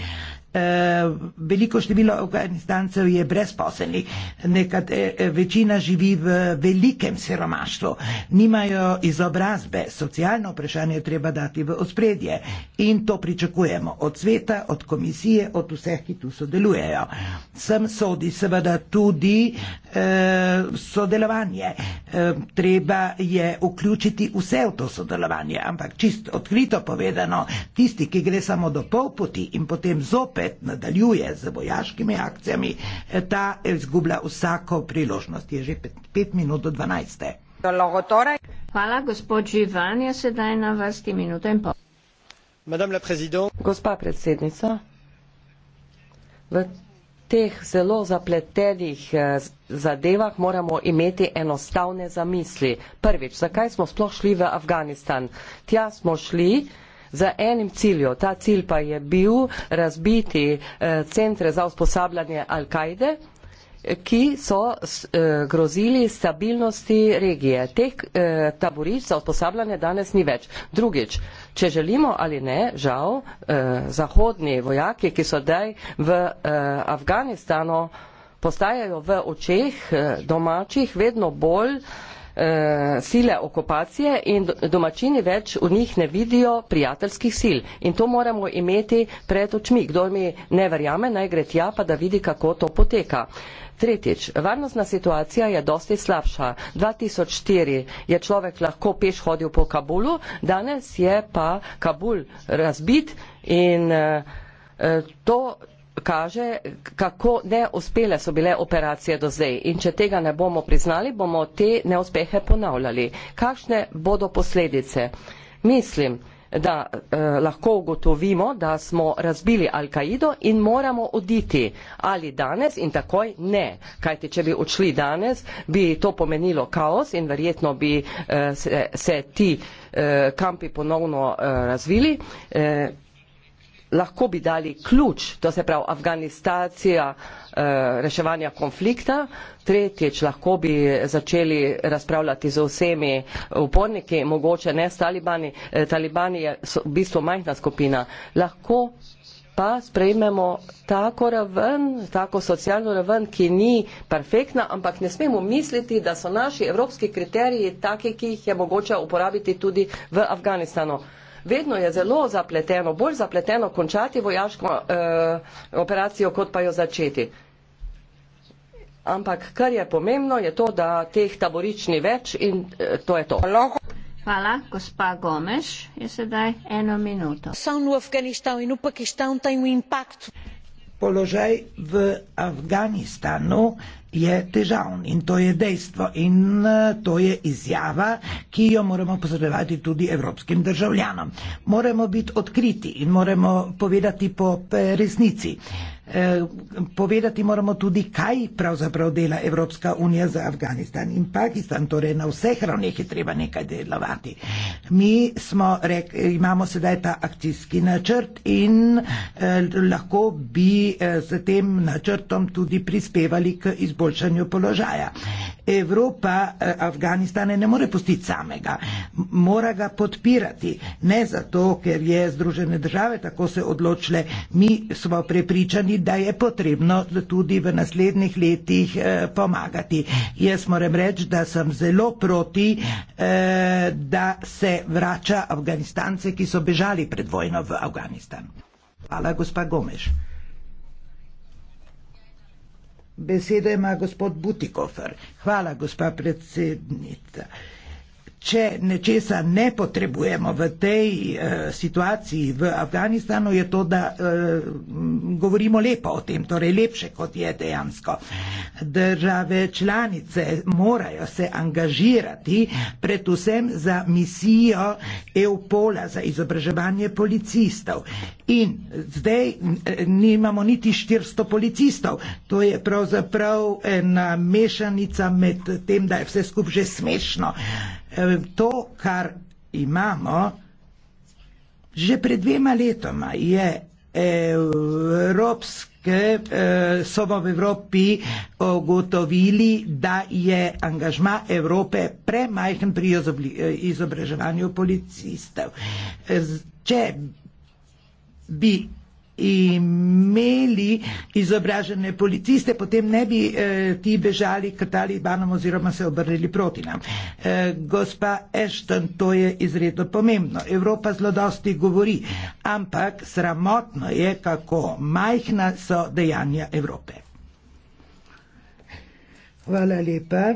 Eh, veliko število Afganistancev je brezposelni, eh, večina živi v velikem siromaštvu, nimajo izobrazbe, socialno vprašanje treba dati v ospredje in to pričakujemo od sveta, od komisije, od vseh, ki tu sodelujejo. Sem sodi seveda tudi eh, sodelovanje, eh, treba je vključiti vse v to sodelovanje, ampak čisto odkrito povedano, tisti, ki gre samo do pol poti in potem zopet, spet nadaljuje z vojaškimi akcijami. E, ta e, izgublja vsako priložnost. Je že 5 minut do 12. Hvala, gospod Živan, je sedaj na vrsti minuto in pol. Gospa predsednica, v teh zelo zapletenih e, zadevah moramo imeti enostavne zamisli. Prvič, zakaj smo sploh šli v Afganistan? Tja smo šli, z enim ciljem. Ta cilj pa je bil razbiti eh, centre za usposabljanje Al-Kaide ki so eh, grozili stabilnosti regije. Teh eh, taborišč za usposabljanje danes ni več. Drugič, če želimo ali ne, žal, zahodni vojaki, ki so zdaj v Afganistanu, postajajo v očeh domačih vedno bolj Eh, sile okupacije in domačini več v njih ne vidijo prijateljskih sil. In to moramo imeti pred očmi. Kdo mi ne verjame, naj gre tja, pa da vidi, kako to poteka. Tretjič, varnostna situacija je dosti slabša. 2004 je človek lahko peš hodil po Kabulu, danes je pa Kabul razbit in eh, eh, to kaže, kako neuspele so bile operacije do zdaj. In če tega ne bomo priznali, bomo te neuspehe ponavljali. Kakšne bodo posledice? Mislim, da eh, lahko ugotovimo, da smo razbili Al-Kaido in moramo oditi. Ali danes in takoj ne. Kajti, če bi odšli danes, bi to pomenilo kaos in verjetno bi eh, se, se ti eh, kampi ponovno eh, razvili. Eh, lahko bi dali ključ, to se pravi afganistacija eh, reševanja konflikta, tretjič lahko bi začeli razpravljati z vsemi uporniki, mogoče ne s talibani, eh, talibani je v bistvu majhna skupina, lahko pa sprejmemo tako raven, tako socialno raven, ki ni perfektna, ampak ne smemo misliti, da so naši evropski kriteriji take, ki jih je mogoče uporabiti tudi v Afganistanu vedno je zelo zapleteno, bolj zapleteno končati vojaško eh, operacijo, kot pa jo začeti. Ampak kar je pomembno, je to, da teh taborič ni več in eh, to je to. Hvala, gospa Gomes. Je sedaj eno minuto položaj v Afganistanu je težavn in to je dejstvo in eh, to je izjava, ki jo moramo posredovati tudi evropskim državljanom. Moramo biti odkriti in moramo povedati po resnici. Eh, povedati moramo tudi, kaj pravzaprav dela Evropska unija za Afganistan in Pakistan. Torej, na vseh ravneh je treba nekaj delovati. Mi smo rekli, imamo sedaj ta akcijski načrt in eh, lahko bi eh, s tem načrtom tudi prispevali k izboljšanju položaja. Evropa eh, Afganistane ne more pustiti samega, mora ga podpirati. Ne zato, ker je Združene države tako se odločile, mi smo prepričani, da je potrebno tudi v naslednjih letih eh, pomagati. Jaz moram reči, da sem zelo proti, eh, da se vrača Afganistance, ki so bežali pred vojno v Afganistan. Hvala, gospa Gomeš. Besedo ima gospod Butikofer. Hvala, gospa predsednica. Če nečesa ne potrebujemo v tej eh, situaciji v Afganistanu, je to, da eh, govorimo lepo o tem, torej lepše, kot je dejansko. Države članice morajo se angažirati predvsem za misijo EUPOL-a za izobraževanje policistov. In zdaj eh, nimamo niti 400 policistov. To je pravzaprav ena eh, mešanica med tem, da je vse skupaj že smešno to, kar imamo, že pred dvema letoma je evropske, eh, so v Evropi ugotovili, da je angažma Evrope premajhen pri eh, izobraževanju policistov. Če bi imeli izobražene policiste, potem ne bi eh, ti bežali k talibanom oziroma se obrnili proti nam. Eh, gospa Ashton, to je izredno pomembno. Evropa zelo dosti govori, ampak sramotno je, kako majhna so dejanja Evrope. Hvala lepa,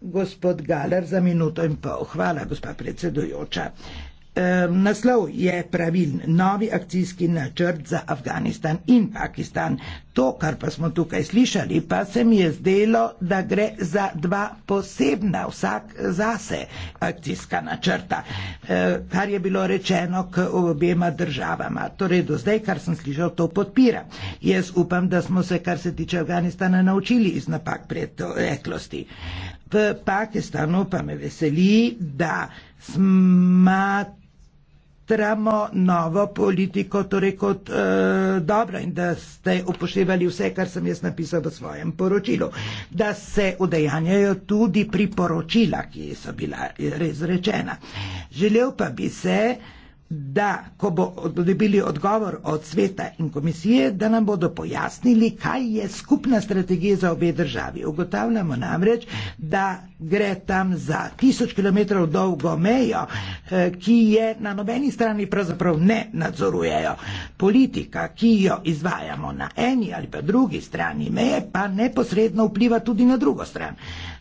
gospod Galar, za minuto in pol. Hvala, gospa predsedujoča. Eh, Naslov je pravilen, novi akcijski načrt za Afganistan in Pakistan. To, kar pa smo tukaj slišali, pa se mi je zdelo, da gre za dva posebna, vsak zase akcijska načrta, kar je bilo rečeno k obema državama. Torej, do zdaj, kar sem slišal, to podpira. Jaz upam, da smo se, kar se tiče Afganistana, naučili iz napak preteklosti. V Pakistanu pa me veseli, da smo tramo novo politiko, torej kot uh, dobro in da ste upoštevali vse, kar sem jaz napisal v svojem poročilu, da se udejanjajo tudi priporočila, ki so bila eh, res rečena. Želel pa bi se, uh, da ko bodo dobili odgovor od sveta in komisije, da nam bodo pojasnili, kaj je skupna strategija za obe državi. Ugotavljamo namreč, da gre tam za tisoč kilometrov dolgo mejo, eh, ki je na nobeni strani pravzaprav ne nadzorujejo. Politika, ki jo izvajamo na eni ali pa drugi strani meje, pa neposredno vpliva tudi na drugo stran.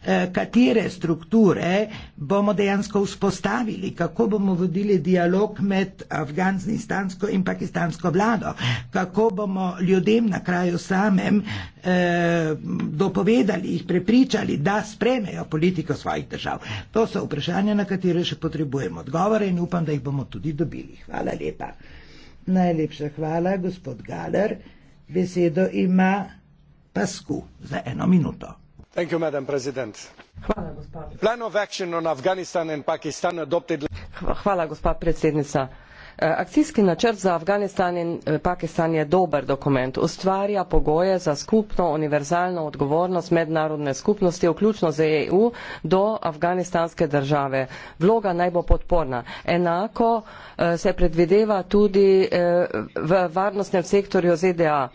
Eh, katere strukture bomo dejansko vzpostavili, kako bomo vodili dialog med afganistansko in pakistansko vlado, kako bomo ljudem na kraju samem eh, dopovedali, jih prepričali, da spremejo politiko svojih držav. To so vprašanja, na katere še potrebujemo odgovore in upam, da jih bomo tudi dobili. Hvala lepa. Najlepša hvala, gospod Galer. Besedo ima Pasku za eno minuto madam president plan of action on afghanistan and pakistan adopted. hvala gospa predsednica eh, akcijski načrt za afganistan in eh, pakistan je dober dokument ustvarja pogoje za skupno univerzalno odgovornost mednarodne skupnosti vključno z eu do afganistanske države vloga naj bo podporna enako eh, se predvideva tudi v varnostnem sektorju zda.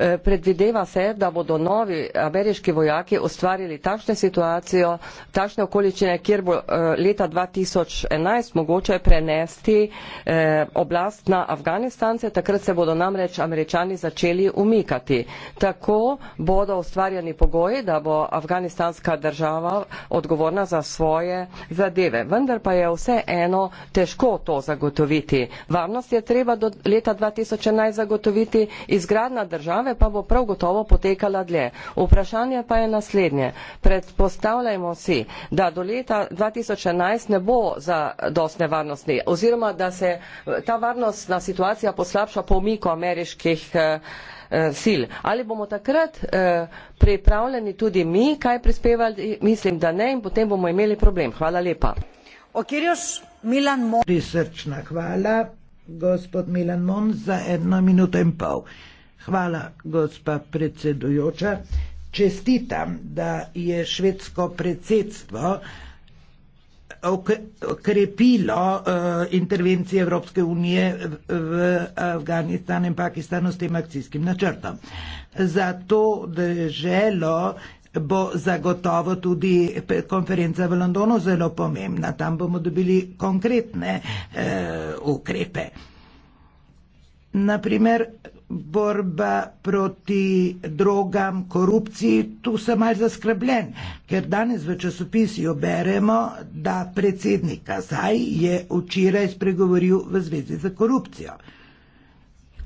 Eh, predvideva se, da bodo novi ameriški vojaki ustvarili takšne situacije, takšne okoličine, kjer bo eh, leta 2011 mogoče prenesti eh, oblast na Afganistance, takrat se bodo namreč američani začeli umikati. Tako bodo ustvarjeni pogoji, da bo afganistanska država odgovorna za svoje zadeve. Vendar pa je vse eno težko to zagotoviti. Varnost je treba do leta 2011 zagotoviti, izgradna države razprave pa bo prav gotovo potekala dlje. Vprašanje pa je naslednje. Predpostavljajmo si, da do leta 2011 ne bo za dostne varnosti oziroma da se ta varnostna situacija poslabša po omiku ameriških eh, eh, sil. Ali bomo takrat eh, pripravljeni tudi mi, kaj prispevali? Mislim, da ne in potem bomo imeli problem. Hvala lepa. Okirjoš Milan Mon. Prisrčna hvala, gospod Milan Mon, za eno minuto in pol. Hvala, gospa predsedujoča. Čestitam, da je švedsko predsedstvo okrepilo uh, intervencije Evropske unije v, v Afganistanu in Pakistanu s tem akcijskim načrtom. Zato drželo bo zagotovo tudi konferenca v Londonu zelo pomembna. Tam bomo dobili konkretne uh, ukrepe. Naprimer, borba proti drogam, korupciji, tu sem malce zaskrbljen, ker danes v časopisju beremo, da predsednik Kazaj je včeraj spregovoril v zvezi za korupcijo.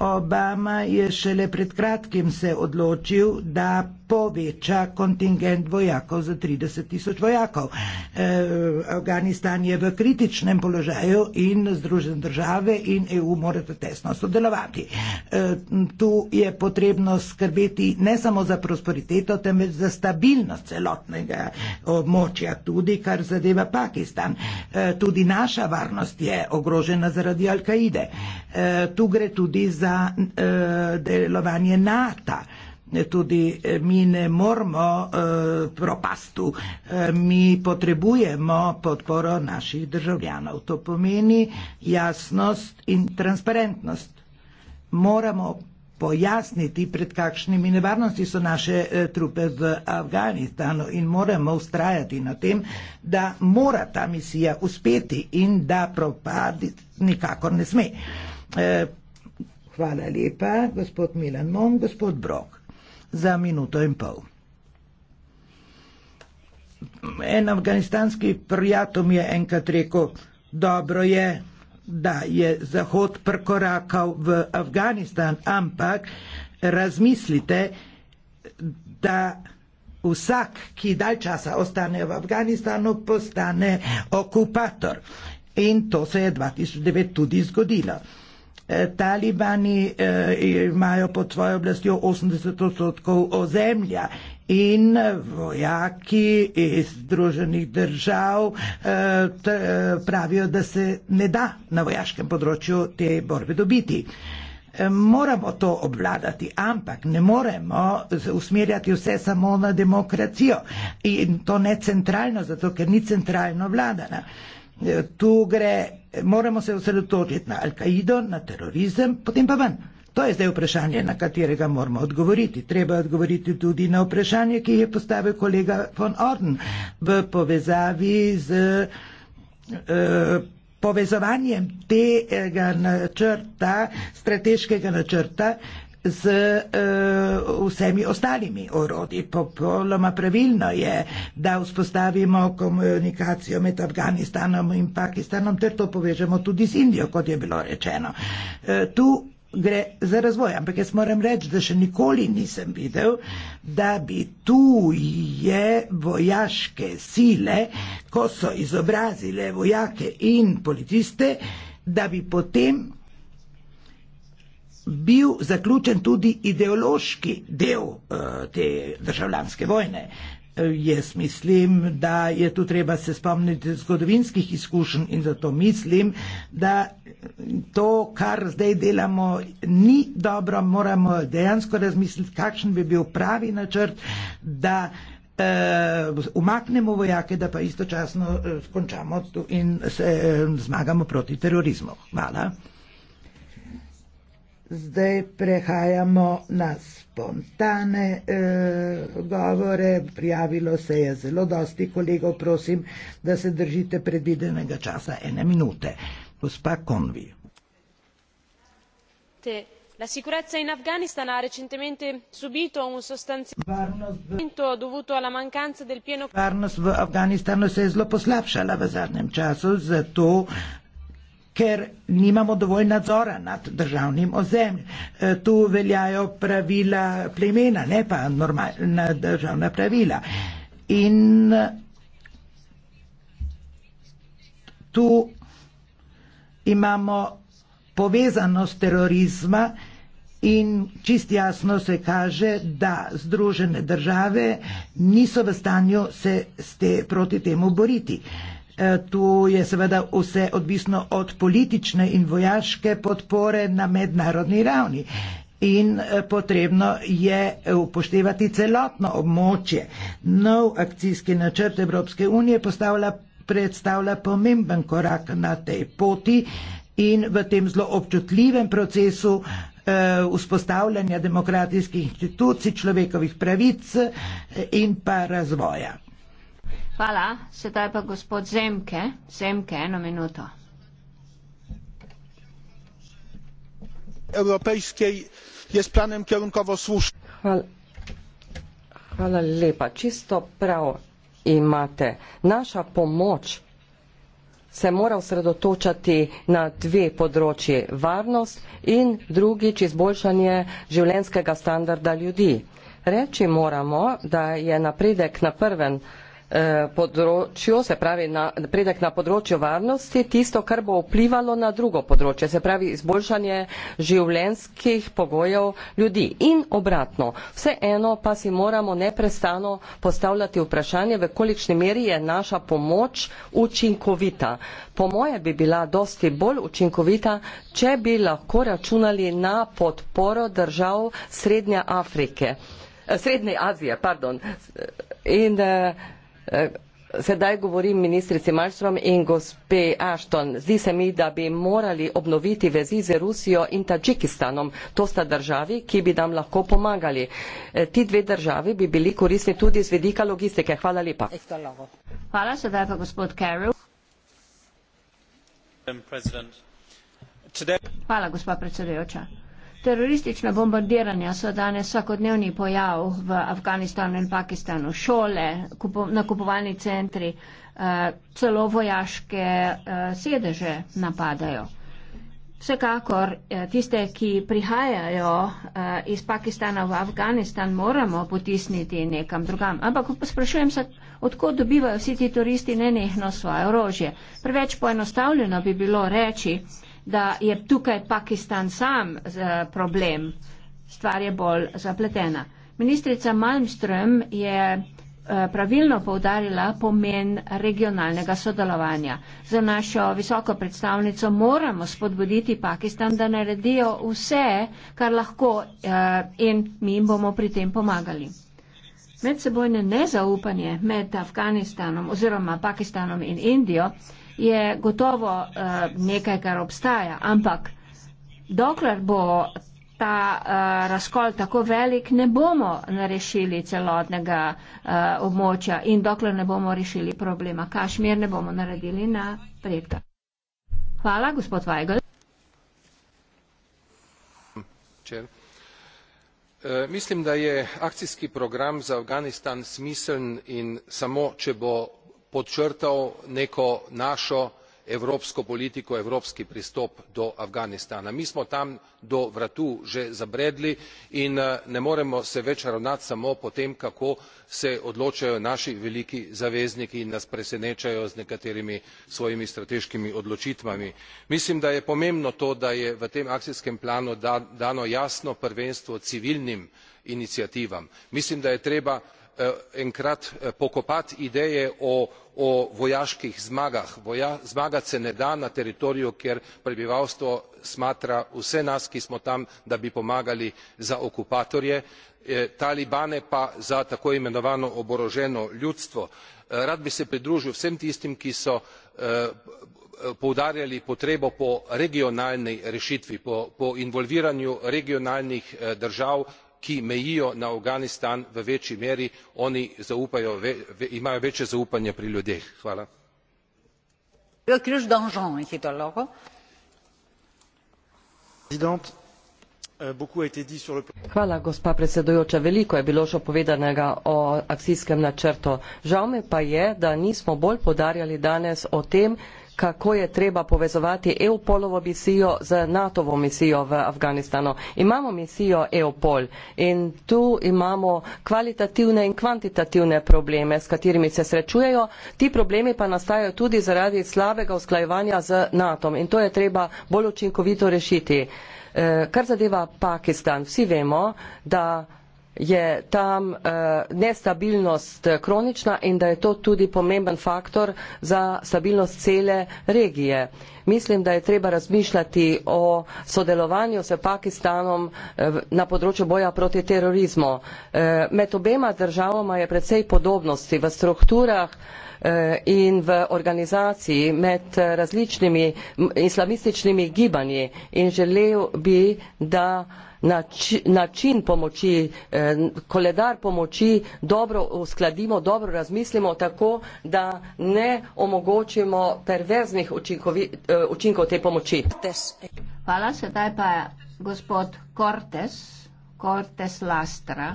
Obama je šele pred kratkim se odločil, da poveča kontingent vojakov za 30 tisoč vojakov. E, Afganistan je v kritičnem položaju in Združene države in EU morata tesno sodelovati. E, tu je potrebno skrbeti ne samo za prosperiteto, temveč za stabilnost celotnega območja, tudi kar zadeva Pakistan. E, tudi naša varnost je ogrožena zaradi Al-Kaide. E, tu gre tudi za e, delovanje NATO tudi eh, mi ne moramo eh, propasti, eh, mi potrebujemo podporo naših državljanov. To pomeni jasnost in transparentnost. Moramo pojasniti, pred kakšnimi nevarnosti so naše eh, trupe v Afganistanu in moramo ustrajati na tem, da mora ta misija uspeti in da propadi nikakor ne sme. Eh, hvala lepa, gospod Milan Mon, gospod Brok za minuto in pol. En afganistanski prijatelj mi je enkrat rekel, dobro je, da je Zahod prkorakal v Afganistan, ampak razmislite, da vsak, ki dalj časa ostane v Afganistanu, postane okupator. In to se je 2009 tudi zgodilo. Eh, talibani eh, imajo pod svojo oblastjo 80 odstotkov ozemlja. In eh, vojaki iz Združenih držav t, pravijo, da se ne da na vojaškem področju te borbe dobiti. Moramo to obvladati, ampak ne moremo usmerjati vse samo na demokracijo. In to ne centralno, zato ker ni centralno vladana. Tu gre moramo se osredotočiti na Al-Kaido, na terorizem, potem pa ven. To je zdaj vprašanje, na katerega moramo odgovoriti. Treba odgovoriti tudi na vprašanje, ki je postavil kolega von Orden v povezavi z eh, povezovanjem tega načrta, strateškega načrta, eh, z uh, vsemi ostalimi orodji. Popoloma pravilno je, da vzpostavimo komunikacijo med Afganistanom in Pakistanom, ter to povežemo tudi z Indijo, kot je bilo rečeno. Uh, tu gre za razvoj, ampak jaz moram reči, da še nikoli nisem videl, da bi tu je vojaške sile, ko so izobrazile vojake in policiste, da bi potem bil zaključen tudi ideološki del uh, te državljanske vojne. Eh, jaz mislim, da je tu treba se spomniti zgodovinskih izkušenj in zato mislim, da to, kar zdaj delamo, ni dobro. Moramo dejansko razmisliti, kakšen bi bil pravi načrt, da eh, umaknemo vojake, da pa istočasno eh, skončamo in se eh, zmagamo proti terorizmu. Hvala. Zdaj prehajamo na spontane e, govore. Prijavilo se je zelo dosti kolegov. Prosim, da se držite predvidenega časa ene minute. Gospa Konvi. Te. La sicurezza in Afghanistan ha recentemente subito un sostanziamento dovuto alla mancanza del pieno... La sicurezza in Afghanistan si è molto poslapsciata in questo momento, ker nimamo dovolj nadzora nad državnim ozemljem. E, tu veljajo pravila plemena, ne pa normalna državna pravila. In e, tu imamo povezanost terorizma in čist jasno se kaže, da združene države niso v stanju se te, proti temu boriti. Uh, E, to je seveda vse odvisno od politične in vojaške podpore na mednarodni ravni. In e, potrebno je upoštevati celotno območje. Nov akcijski načrt Evropske unije predstavlja pomemben korak na tej poti in v tem zelo občutljivem procesu e, vzpostavljanja demokratičnih inštitucij, človekovih pravic in pa razvoja. Hvala. Sedaj pa gospod Zemke. Zemke, eno minuto. Evropejskej je s planem kjerunkovo slušal. Hvala. Hvala lepa. Čisto prav imate. Naša pomoč se mora osredotočati na dve področji. Varnost in drugič izboljšanje življenjskega standarda ljudi. Reči moramo, da je napredek na prvem področju Eh, področju, se pravi na, napredek na področju varnosti, tisto, kar bo vplivalo na drugo področje, se pravi izboljšanje življenskih pogojev ljudi in obratno. Vseeno pa si moramo neprestano postavljati vprašanje, v kolikšni meri je naša pomoč učinkovita. Po moje bi bila dosti bolj učinkovita, če bi lahko računali na podporo držav Srednje Afrike. Eh, Srednje Azije, pardon. In, eh, Eh, sedaj govorim ministrici Malstrom in gospe Ashton. Zdi se mi, da bi morali obnoviti vezi z Rusijo in Tadžikistanom. To sta državi, ki bi nam lahko pomagali. Eh, ti dve državi bi bili korisni tudi z vedika logistike. Hvala lepa. Hvala, sedaj pa gospod Carroll. Hvala, gospod predsedujoča. Teroristična bombardiranja so danes vsakodnevni pojav v Afganistanu in Pakistanu. Šole, nakupovalni centri, eh, celo vojaške eh, sedeže napadajo. Vsekakor eh, tiste, ki prihajajo iz Pakistana v Afganistan, moramo potisniti nekam drugam. Ampak sprašujem se, odkot dobivajo vsi ti turisti nenehno svoje orožje. Preveč poenostavljeno bi bilo reči, da je tukaj Pakistan sam eh, problem. Stvar je bolj zapletena. Ministrica Malmström je eh, pravilno povdarila pomen regionalnega sodelovanja. Za našo visoko predstavnico moramo spodbuditi Pakistan, da naredijo vse, kar lahko eh, in mi jim bomo pri tem pomagali. Medsebojne nezaupanje med Afganistanom oziroma Pakistanom in Indijo je gotovo eh, nekaj, kar obstaja. Ampak dokler bo ta eh, razkol tako velik, ne bomo narešili celotnega eh, območja in dokler ne bomo rešili problema Kašmir, ne bomo naredili na predka. Hvala, gospod Vajgel. Mislim, da je akcijski program za Afganistan smiseln in samo, če bo podčrtal neko našo evropsko politiko evropski pristop do afganistana. mi smo tam do vratu že zabredli in eh, ne moremo se več ravnati samo po tem kako se odločajo naši veliki zavezniki in nas presenečajo z nekaterimi svojimi strateškimi odločitvami. mislim da je pomembno to da je v tem akcijskem planu dano jasno prvenstvo civilnim iniciativam. mislim da je treba Eh, enkrat eh, pokopati ideje o vojaških zmagah zmagati se ne da na teritoriju kjer prebivalstvo smatra vse nas ki smo tam da bi pomagali za okupatorje eh, talibane pa za tako imenovano oboroženo ljudstvo. rad bi se pridružil vsem tistim ki so poudarjali potrebo po regionalni rešitvi po involviranju regionalnih držav ki mejijo na afganistan v večji meri oni zaupajo imajo večje zaupanje pri ljudeh. hvala euh, gospa predsedujoča veliko je bilo že povedanega o akcijskem načrtu žal mi pa je da nismo bolj poudarjali danes o tem kako je treba povezovati EUPOL-ovo misijo z NATO-ovo misijo v Afganistanu. Imamo misijo EUPOL in tu imamo kvalitativne in kvantitativne probleme, s katerimi se srečujejo. Ti problemi pa nastajajo tudi zaradi slabega usklajevanja z NATO-om in to je treba bolj učinkovito rešiti. Eh, kar zadeva Pakistan, vsi vemo, da je tam eh, nestabilnost kronična in da je to tudi pomemben faktor za stabilnost cele regije. Mislim, da je treba razmišljati o sodelovanju s Pakistanom eh, na področju boja proti terorizmu. Eh, med obema državama je predvsej podobnosti v strukturah in v organizaciji med različnimi islamističnimi gibanji in želel bi, da nači, način pomoči, eh, koledar pomoči dobro uskladimo, dobro razmislimo tako, da ne omogočimo perverznih učinkovi, eh, učinkov te pomoči. Hvala, sedaj pa gospod Cortes, Cortes Lastra.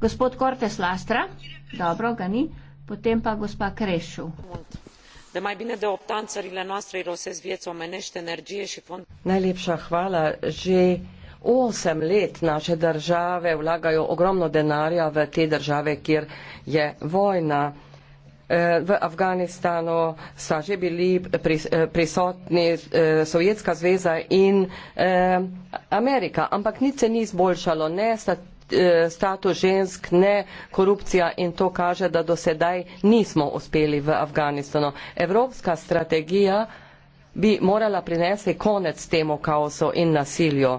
Gospod Cortes Lastra, dobro, ga ni. Potem pa gospa Krešu. De mai bine de 8 ani țările noastre irosesc vieți omenești, energie și fond. Najlepša hvala. Že 8 let naše države vlagajo ogromno denarja v te države, kjer je vojna. Eh, v Afganistanu sta že bili eh, prisotni eh, Sovjetska zveza in Amerika, ampak nič se ni izboljšalo, ne Eh, status žensk, ne korupcija in to kaže, da do sedaj nismo uspeli v Afganistanu. Evropska strategija bi morala prinesti konec temu kaosu in nasilju.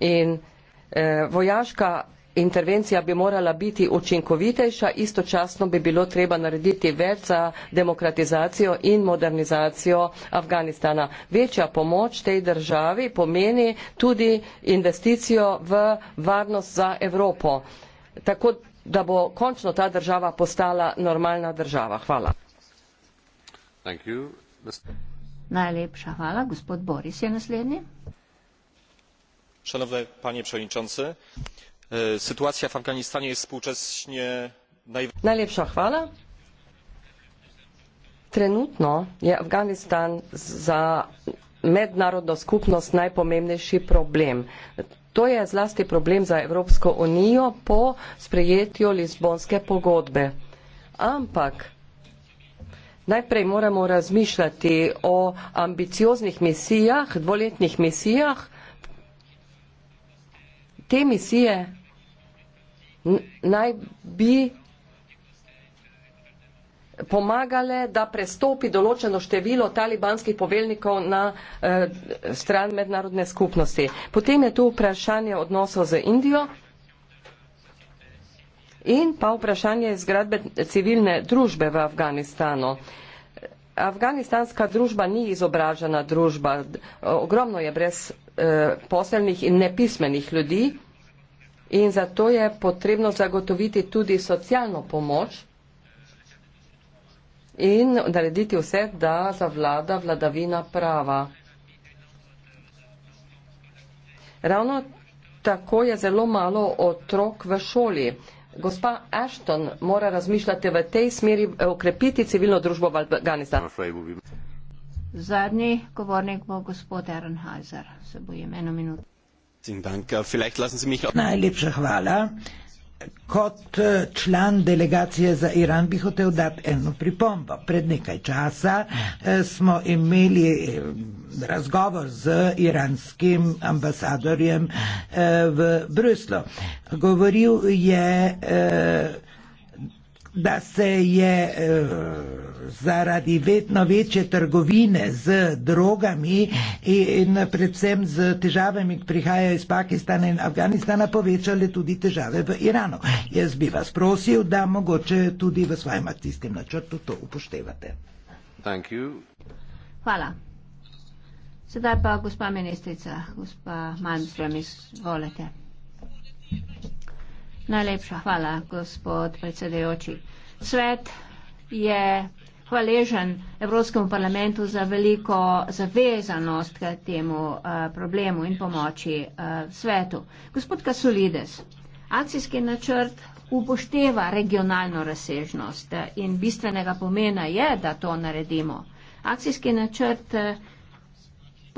In eh, vojaška intervencija bi morala biti učinkovitejša, istočasno bi bilo treba narediti več za demokratizacijo in modernizacijo Afganistana. Večja pomoč tej državi pomeni tudi investicijo v varnost za Evropo, tako da bo končno ta država postala normalna država. Hvala. Najlepša hvala. Gospod Boris je naslednji. Szanowny panie przewodniczący, E, sytuacja w afganistanie jest współcześnie najlepsza chwala trenutno je afganistan za mednarodno skupnost najpomembnejši problem to je zlasti problem za evropsko unijo po sprejetju lizbonske pogodbe ampak najprej moramo razmišljati o ambicioznih misijah dvoletnih misijah te misije naj bi pomagale, da prestopi določeno število talibanskih poveljnikov na eh, stran mednarodne skupnosti. Potem je tu vprašanje odnosov z Indijo in pa vprašanje izgradbe civilne družbe v Afganistanu. Afganistanska družba ni izobražena družba. Ogromno je brez eh, poselnih in nepismenih ljudi. In zato je potrebno zagotoviti tudi socialno pomoč in narediti vse, da zavlada vladavina prava. Ravno tako je zelo malo otrok v šoli. Gospa Ashton mora razmišljati v tej smeri, eh, okrepiti civilno družbo v Afganistanu. Zadnji govornik bo gospod Ehrenhauser. Se bojim eno minuto. Äh, Najlepša hvala. Kot e, član delegacije za Iran bi hotel dati eno pripombo. Pred nekaj časa e, smo imeli e, razgovor z iranskim ambasadorjem v Bruslu. Govoril je da se je eh, zaradi vedno večje trgovine z drogami in predvsem z težavami, ki prihajajo iz Pakistana in Afganistana, povečale tudi težave v Iranu. Jaz bi vas prosil, da mogoče tudi v svojem akcijskem načrtu to upoštevate. Hvala. Sedaj pa gospa ministrica, gospa Malmström, izvolite. Najlepša hvala, gospod predsedujoči. Svet je hvaležen Evropskemu parlamentu za veliko zavezanost k temu uh, problemu in pomoči uh, svetu. Gospod Kasulides, akcijski načrt upošteva regionalno razsežnost eh, in bistvenega pomena je, da to naredimo. Akcijski načrt uh,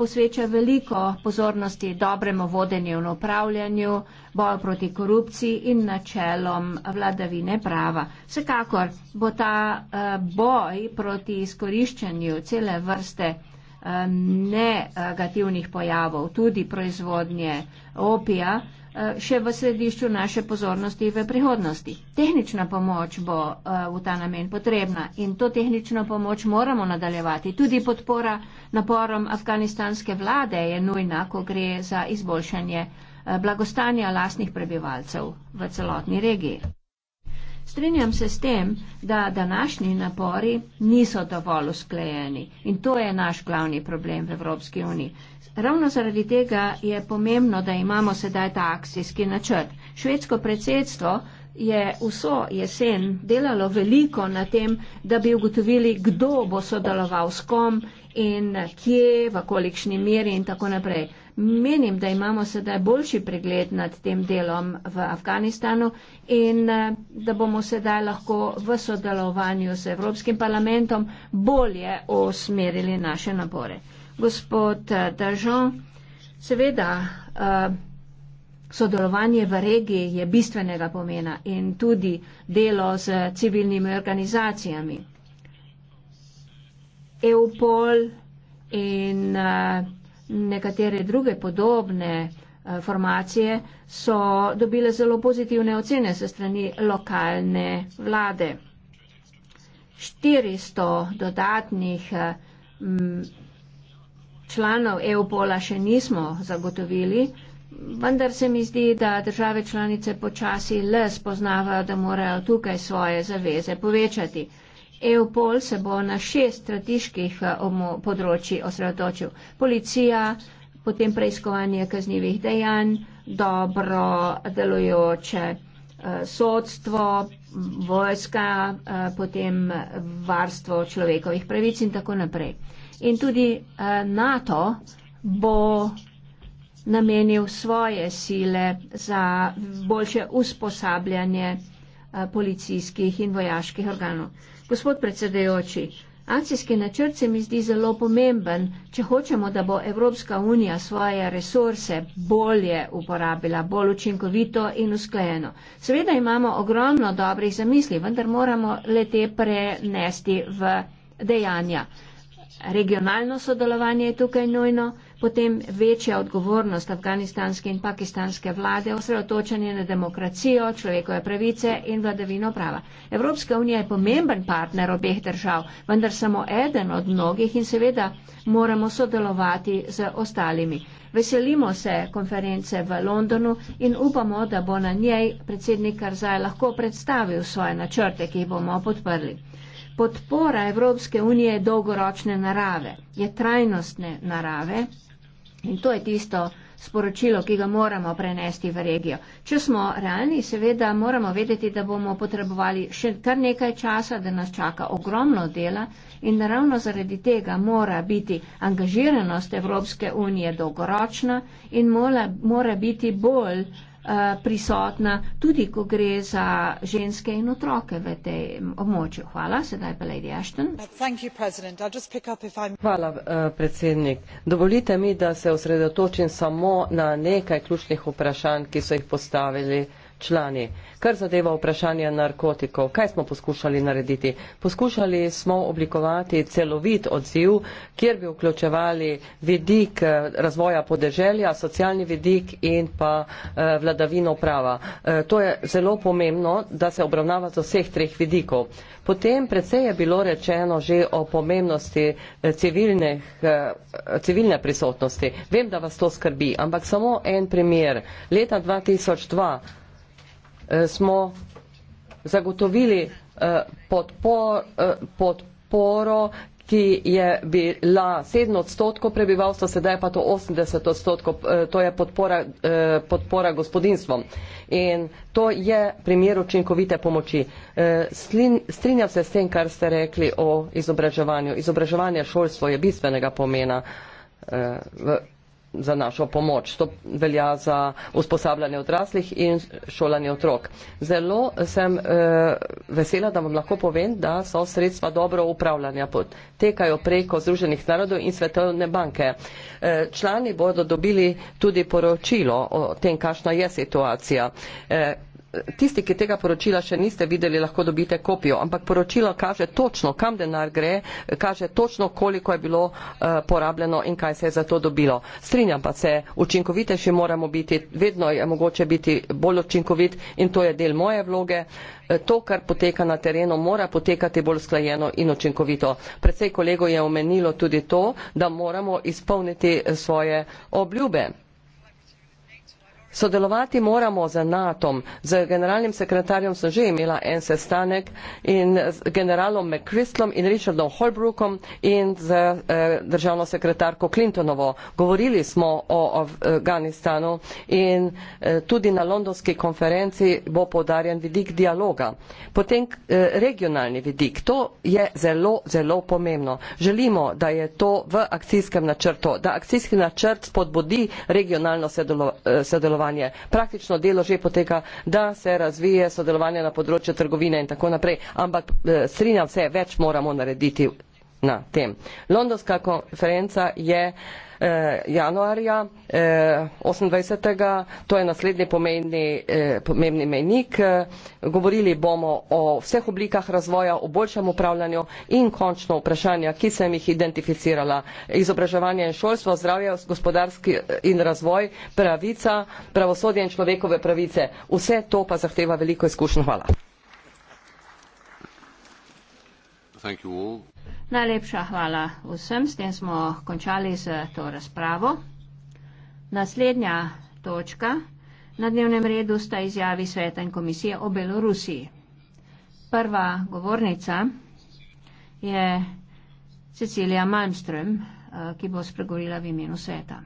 posveča veliko pozornosti dobremu vodenju in upravljanju, boju proti korupciji in načelom vladavine prava. Vsekakor bo ta eh, boj proti izkoriščanju cele vrste eh, negativnih pojavov, tudi proizvodnje opija, Eh, še v središču naše pozornosti v prihodnosti. Tehnična pomoč bo eh, v ta namen potrebna in to tehnično pomoč moramo nadaljevati. Tudi podpora naporom afganistanske vlade je nujna, ko gre za izboljšanje eh, blagostanja lastnih prebivalcev v celotni regiji. Strinjam se s tem, da današnji napori niso dovolj usklajeni in to je naš glavni problem v Evropski uniji. Ravno zaradi tega je pomembno, da imamo sedaj ta akcijski načrt. Švedsko predsedstvo je vso jesen delalo veliko na tem, da bi ugotovili, kdo bo sodeloval s kom in kje, v kolikšni meri in tako naprej menim, da imamo sedaj boljši pregled nad tem delom v Afganistanu in eh, da bomo sedaj lahko v sodelovanju s Evropskim parlamentom bolje osmerili naše napore. Gospod eh, Dažon, seveda eh, sodelovanje v regiji je bistvenega pomena in tudi delo z civilnimi organizacijami. EUPOL in uh, nekatere druge podobne eh, formacije so dobile zelo pozitivne ocene se strani lokalne vlade. 400 dodatnih eh, članov EU-pola še nismo zagotovili, vendar se mi zdi, da države članice počasi le spoznavajo, da morajo tukaj svoje zaveze povečati. EUPOL se bo na šest strateških eh, področji osredotočil. Policija, potem preiskovanje kaznjivih dejanj, dobro delujoče eh, sodstvo, vojska, eh, potem varstvo človekovih pravic in tako naprej. In tudi NATO bo namenil svoje sile za boljše usposabljanje policijskih in vojaških organov. Gospod predsedujoči, akcijski načrt se mi zdi zelo pomemben, če hočemo, da bo Evropska unija svoje resurse bolje uporabila, bolj učinkovito in usklajeno. Seveda imamo ogromno dobrih zamisli, vendar moramo le te prenesti v dejanja. Regionalno sodelovanje je tukaj nujno, potem večja odgovornost afganistanske in pakistanske vlade, osredotočanje na demokracijo, človekove pravice in vladavino prava. Evropska unija je pomemben partner obeh držav, vendar samo eden od mnogih in seveda moramo sodelovati z ostalimi. Veselimo se konference v Londonu in upamo, da bo na njej predsednik Karzaj lahko predstavil svoje načrte, ki jih bomo podprli podpora Evropske unije je dolgoročne narave, je trajnostne narave in to je tisto sporočilo, ki ga moramo prenesti v regijo. Če smo realni, seveda moramo vedeti, da bomo potrebovali še kar nekaj časa, da nas čaka ogromno dela in ravno zaradi tega mora biti angažiranost Evropske unije dolgoročna in mora, mora biti bolj. Eh, prisotna, tudi ko gre za ženske in otroke v tej območju. Hvala, sedaj pa Lady Ashton. Hvala, eh, predsednik. Dovolite mi, da se osredotočim samo na nekaj ključnih vprašanj, ki so jih postavili uh, člani. Kar zadeva vprašanje narkotikov, kaj smo poskušali narediti? Poskušali smo oblikovati celovit odziv, kjer bi vključevali vidik eh, razvoja podeželja, socialni vidik in pa eh, vladavino prava. Eh, to je zelo pomembno, da se obravnava z vseh treh vidikov. Potem predvsej je bilo rečeno že o pomembnosti civilnih, civilne prisotnosti. Vem, da vas to skrbi, ampak samo en primer. Leta 2002 Eh, smo zagotovili eh, podpor, eh, podporo, ki je bila 7 odstotkov prebivalstva, sedaj pa to 80 odstotkov, to je podpora, podpora gospodinstvom. In to je primer učinkovite pomoči. Strinjam se s tem, kar ste rekli o izobraževanju. Izobraževanje šolstvo je bistvenega pomena za našo pomoč. To velja za usposabljanje odraslih in šolanje otrok. Zelo sem eh, vesela, da vam lahko povem, da so sredstva dobro upravljanja potekajo preko Združenih narodov in Svetovne banke. Eh, člani bodo dobili tudi poročilo o tem, kakšna je situacija. Eh, tisti, ki tega poročila še niste videli, lahko dobite kopijo, ampak poročilo kaže točno, kam denar gre, kaže točno, koliko je bilo eh, porabljeno in kaj se je za to dobilo. Strinjam pa se, učinkovitejši moramo biti, vedno je mogoče biti bolj učinkovit in to je del moje vloge. Eh, to, kar poteka na terenu, mora potekati bolj sklajeno in učinkovito. Predvsej kolego je omenilo tudi to, da moramo izpolniti eh, svoje obljube. Sodelovati moramo z NATO-om, z generalnim sekretarjem sem že imela en sestanek in z generalom McChrystlom in Richardom Holbrookom in z eh, državno sekretarko Clintonovo. Govorili smo o Afganistanu in eh, tudi na londonski konferenci bo podarjen vidik dialoga. Potem eh, regionalni vidik, to je zelo, zelo pomembno. Želimo, da je to v akcijskem načrtu, da akcijski načrt spodbudi regionalno sodelovanje sodelovanje. Praktično delo že poteka, da se razvije sodelovanje na področju trgovine in tako naprej, ampak eh, strinjam se, več moramo narediti na tem. Londonska konferenca je eh, januarja eh, 28. to je naslednji pomembni, eh, pomembni menik. Eh, govorili bomo o vseh oblikah razvoja, o boljšem upravljanju in končno vprašanja, ki sem jih identificirala. Izobraževanje in šolstvo, zdravje, gospodarski eh, in razvoj, pravica, pravosodje in človekove pravice. Vse to pa zahteva veliko izkušenj. Hvala. Thank you all. Najlepša hvala vsem, s tem smo končali s to razpravo. Naslednja točka na dnevnem redu sta izjavi Sveta in komisije o Belorusiji. Prva govornica je Cecilija Malmström, eh, ki bo spregovorila v imenu Sveta.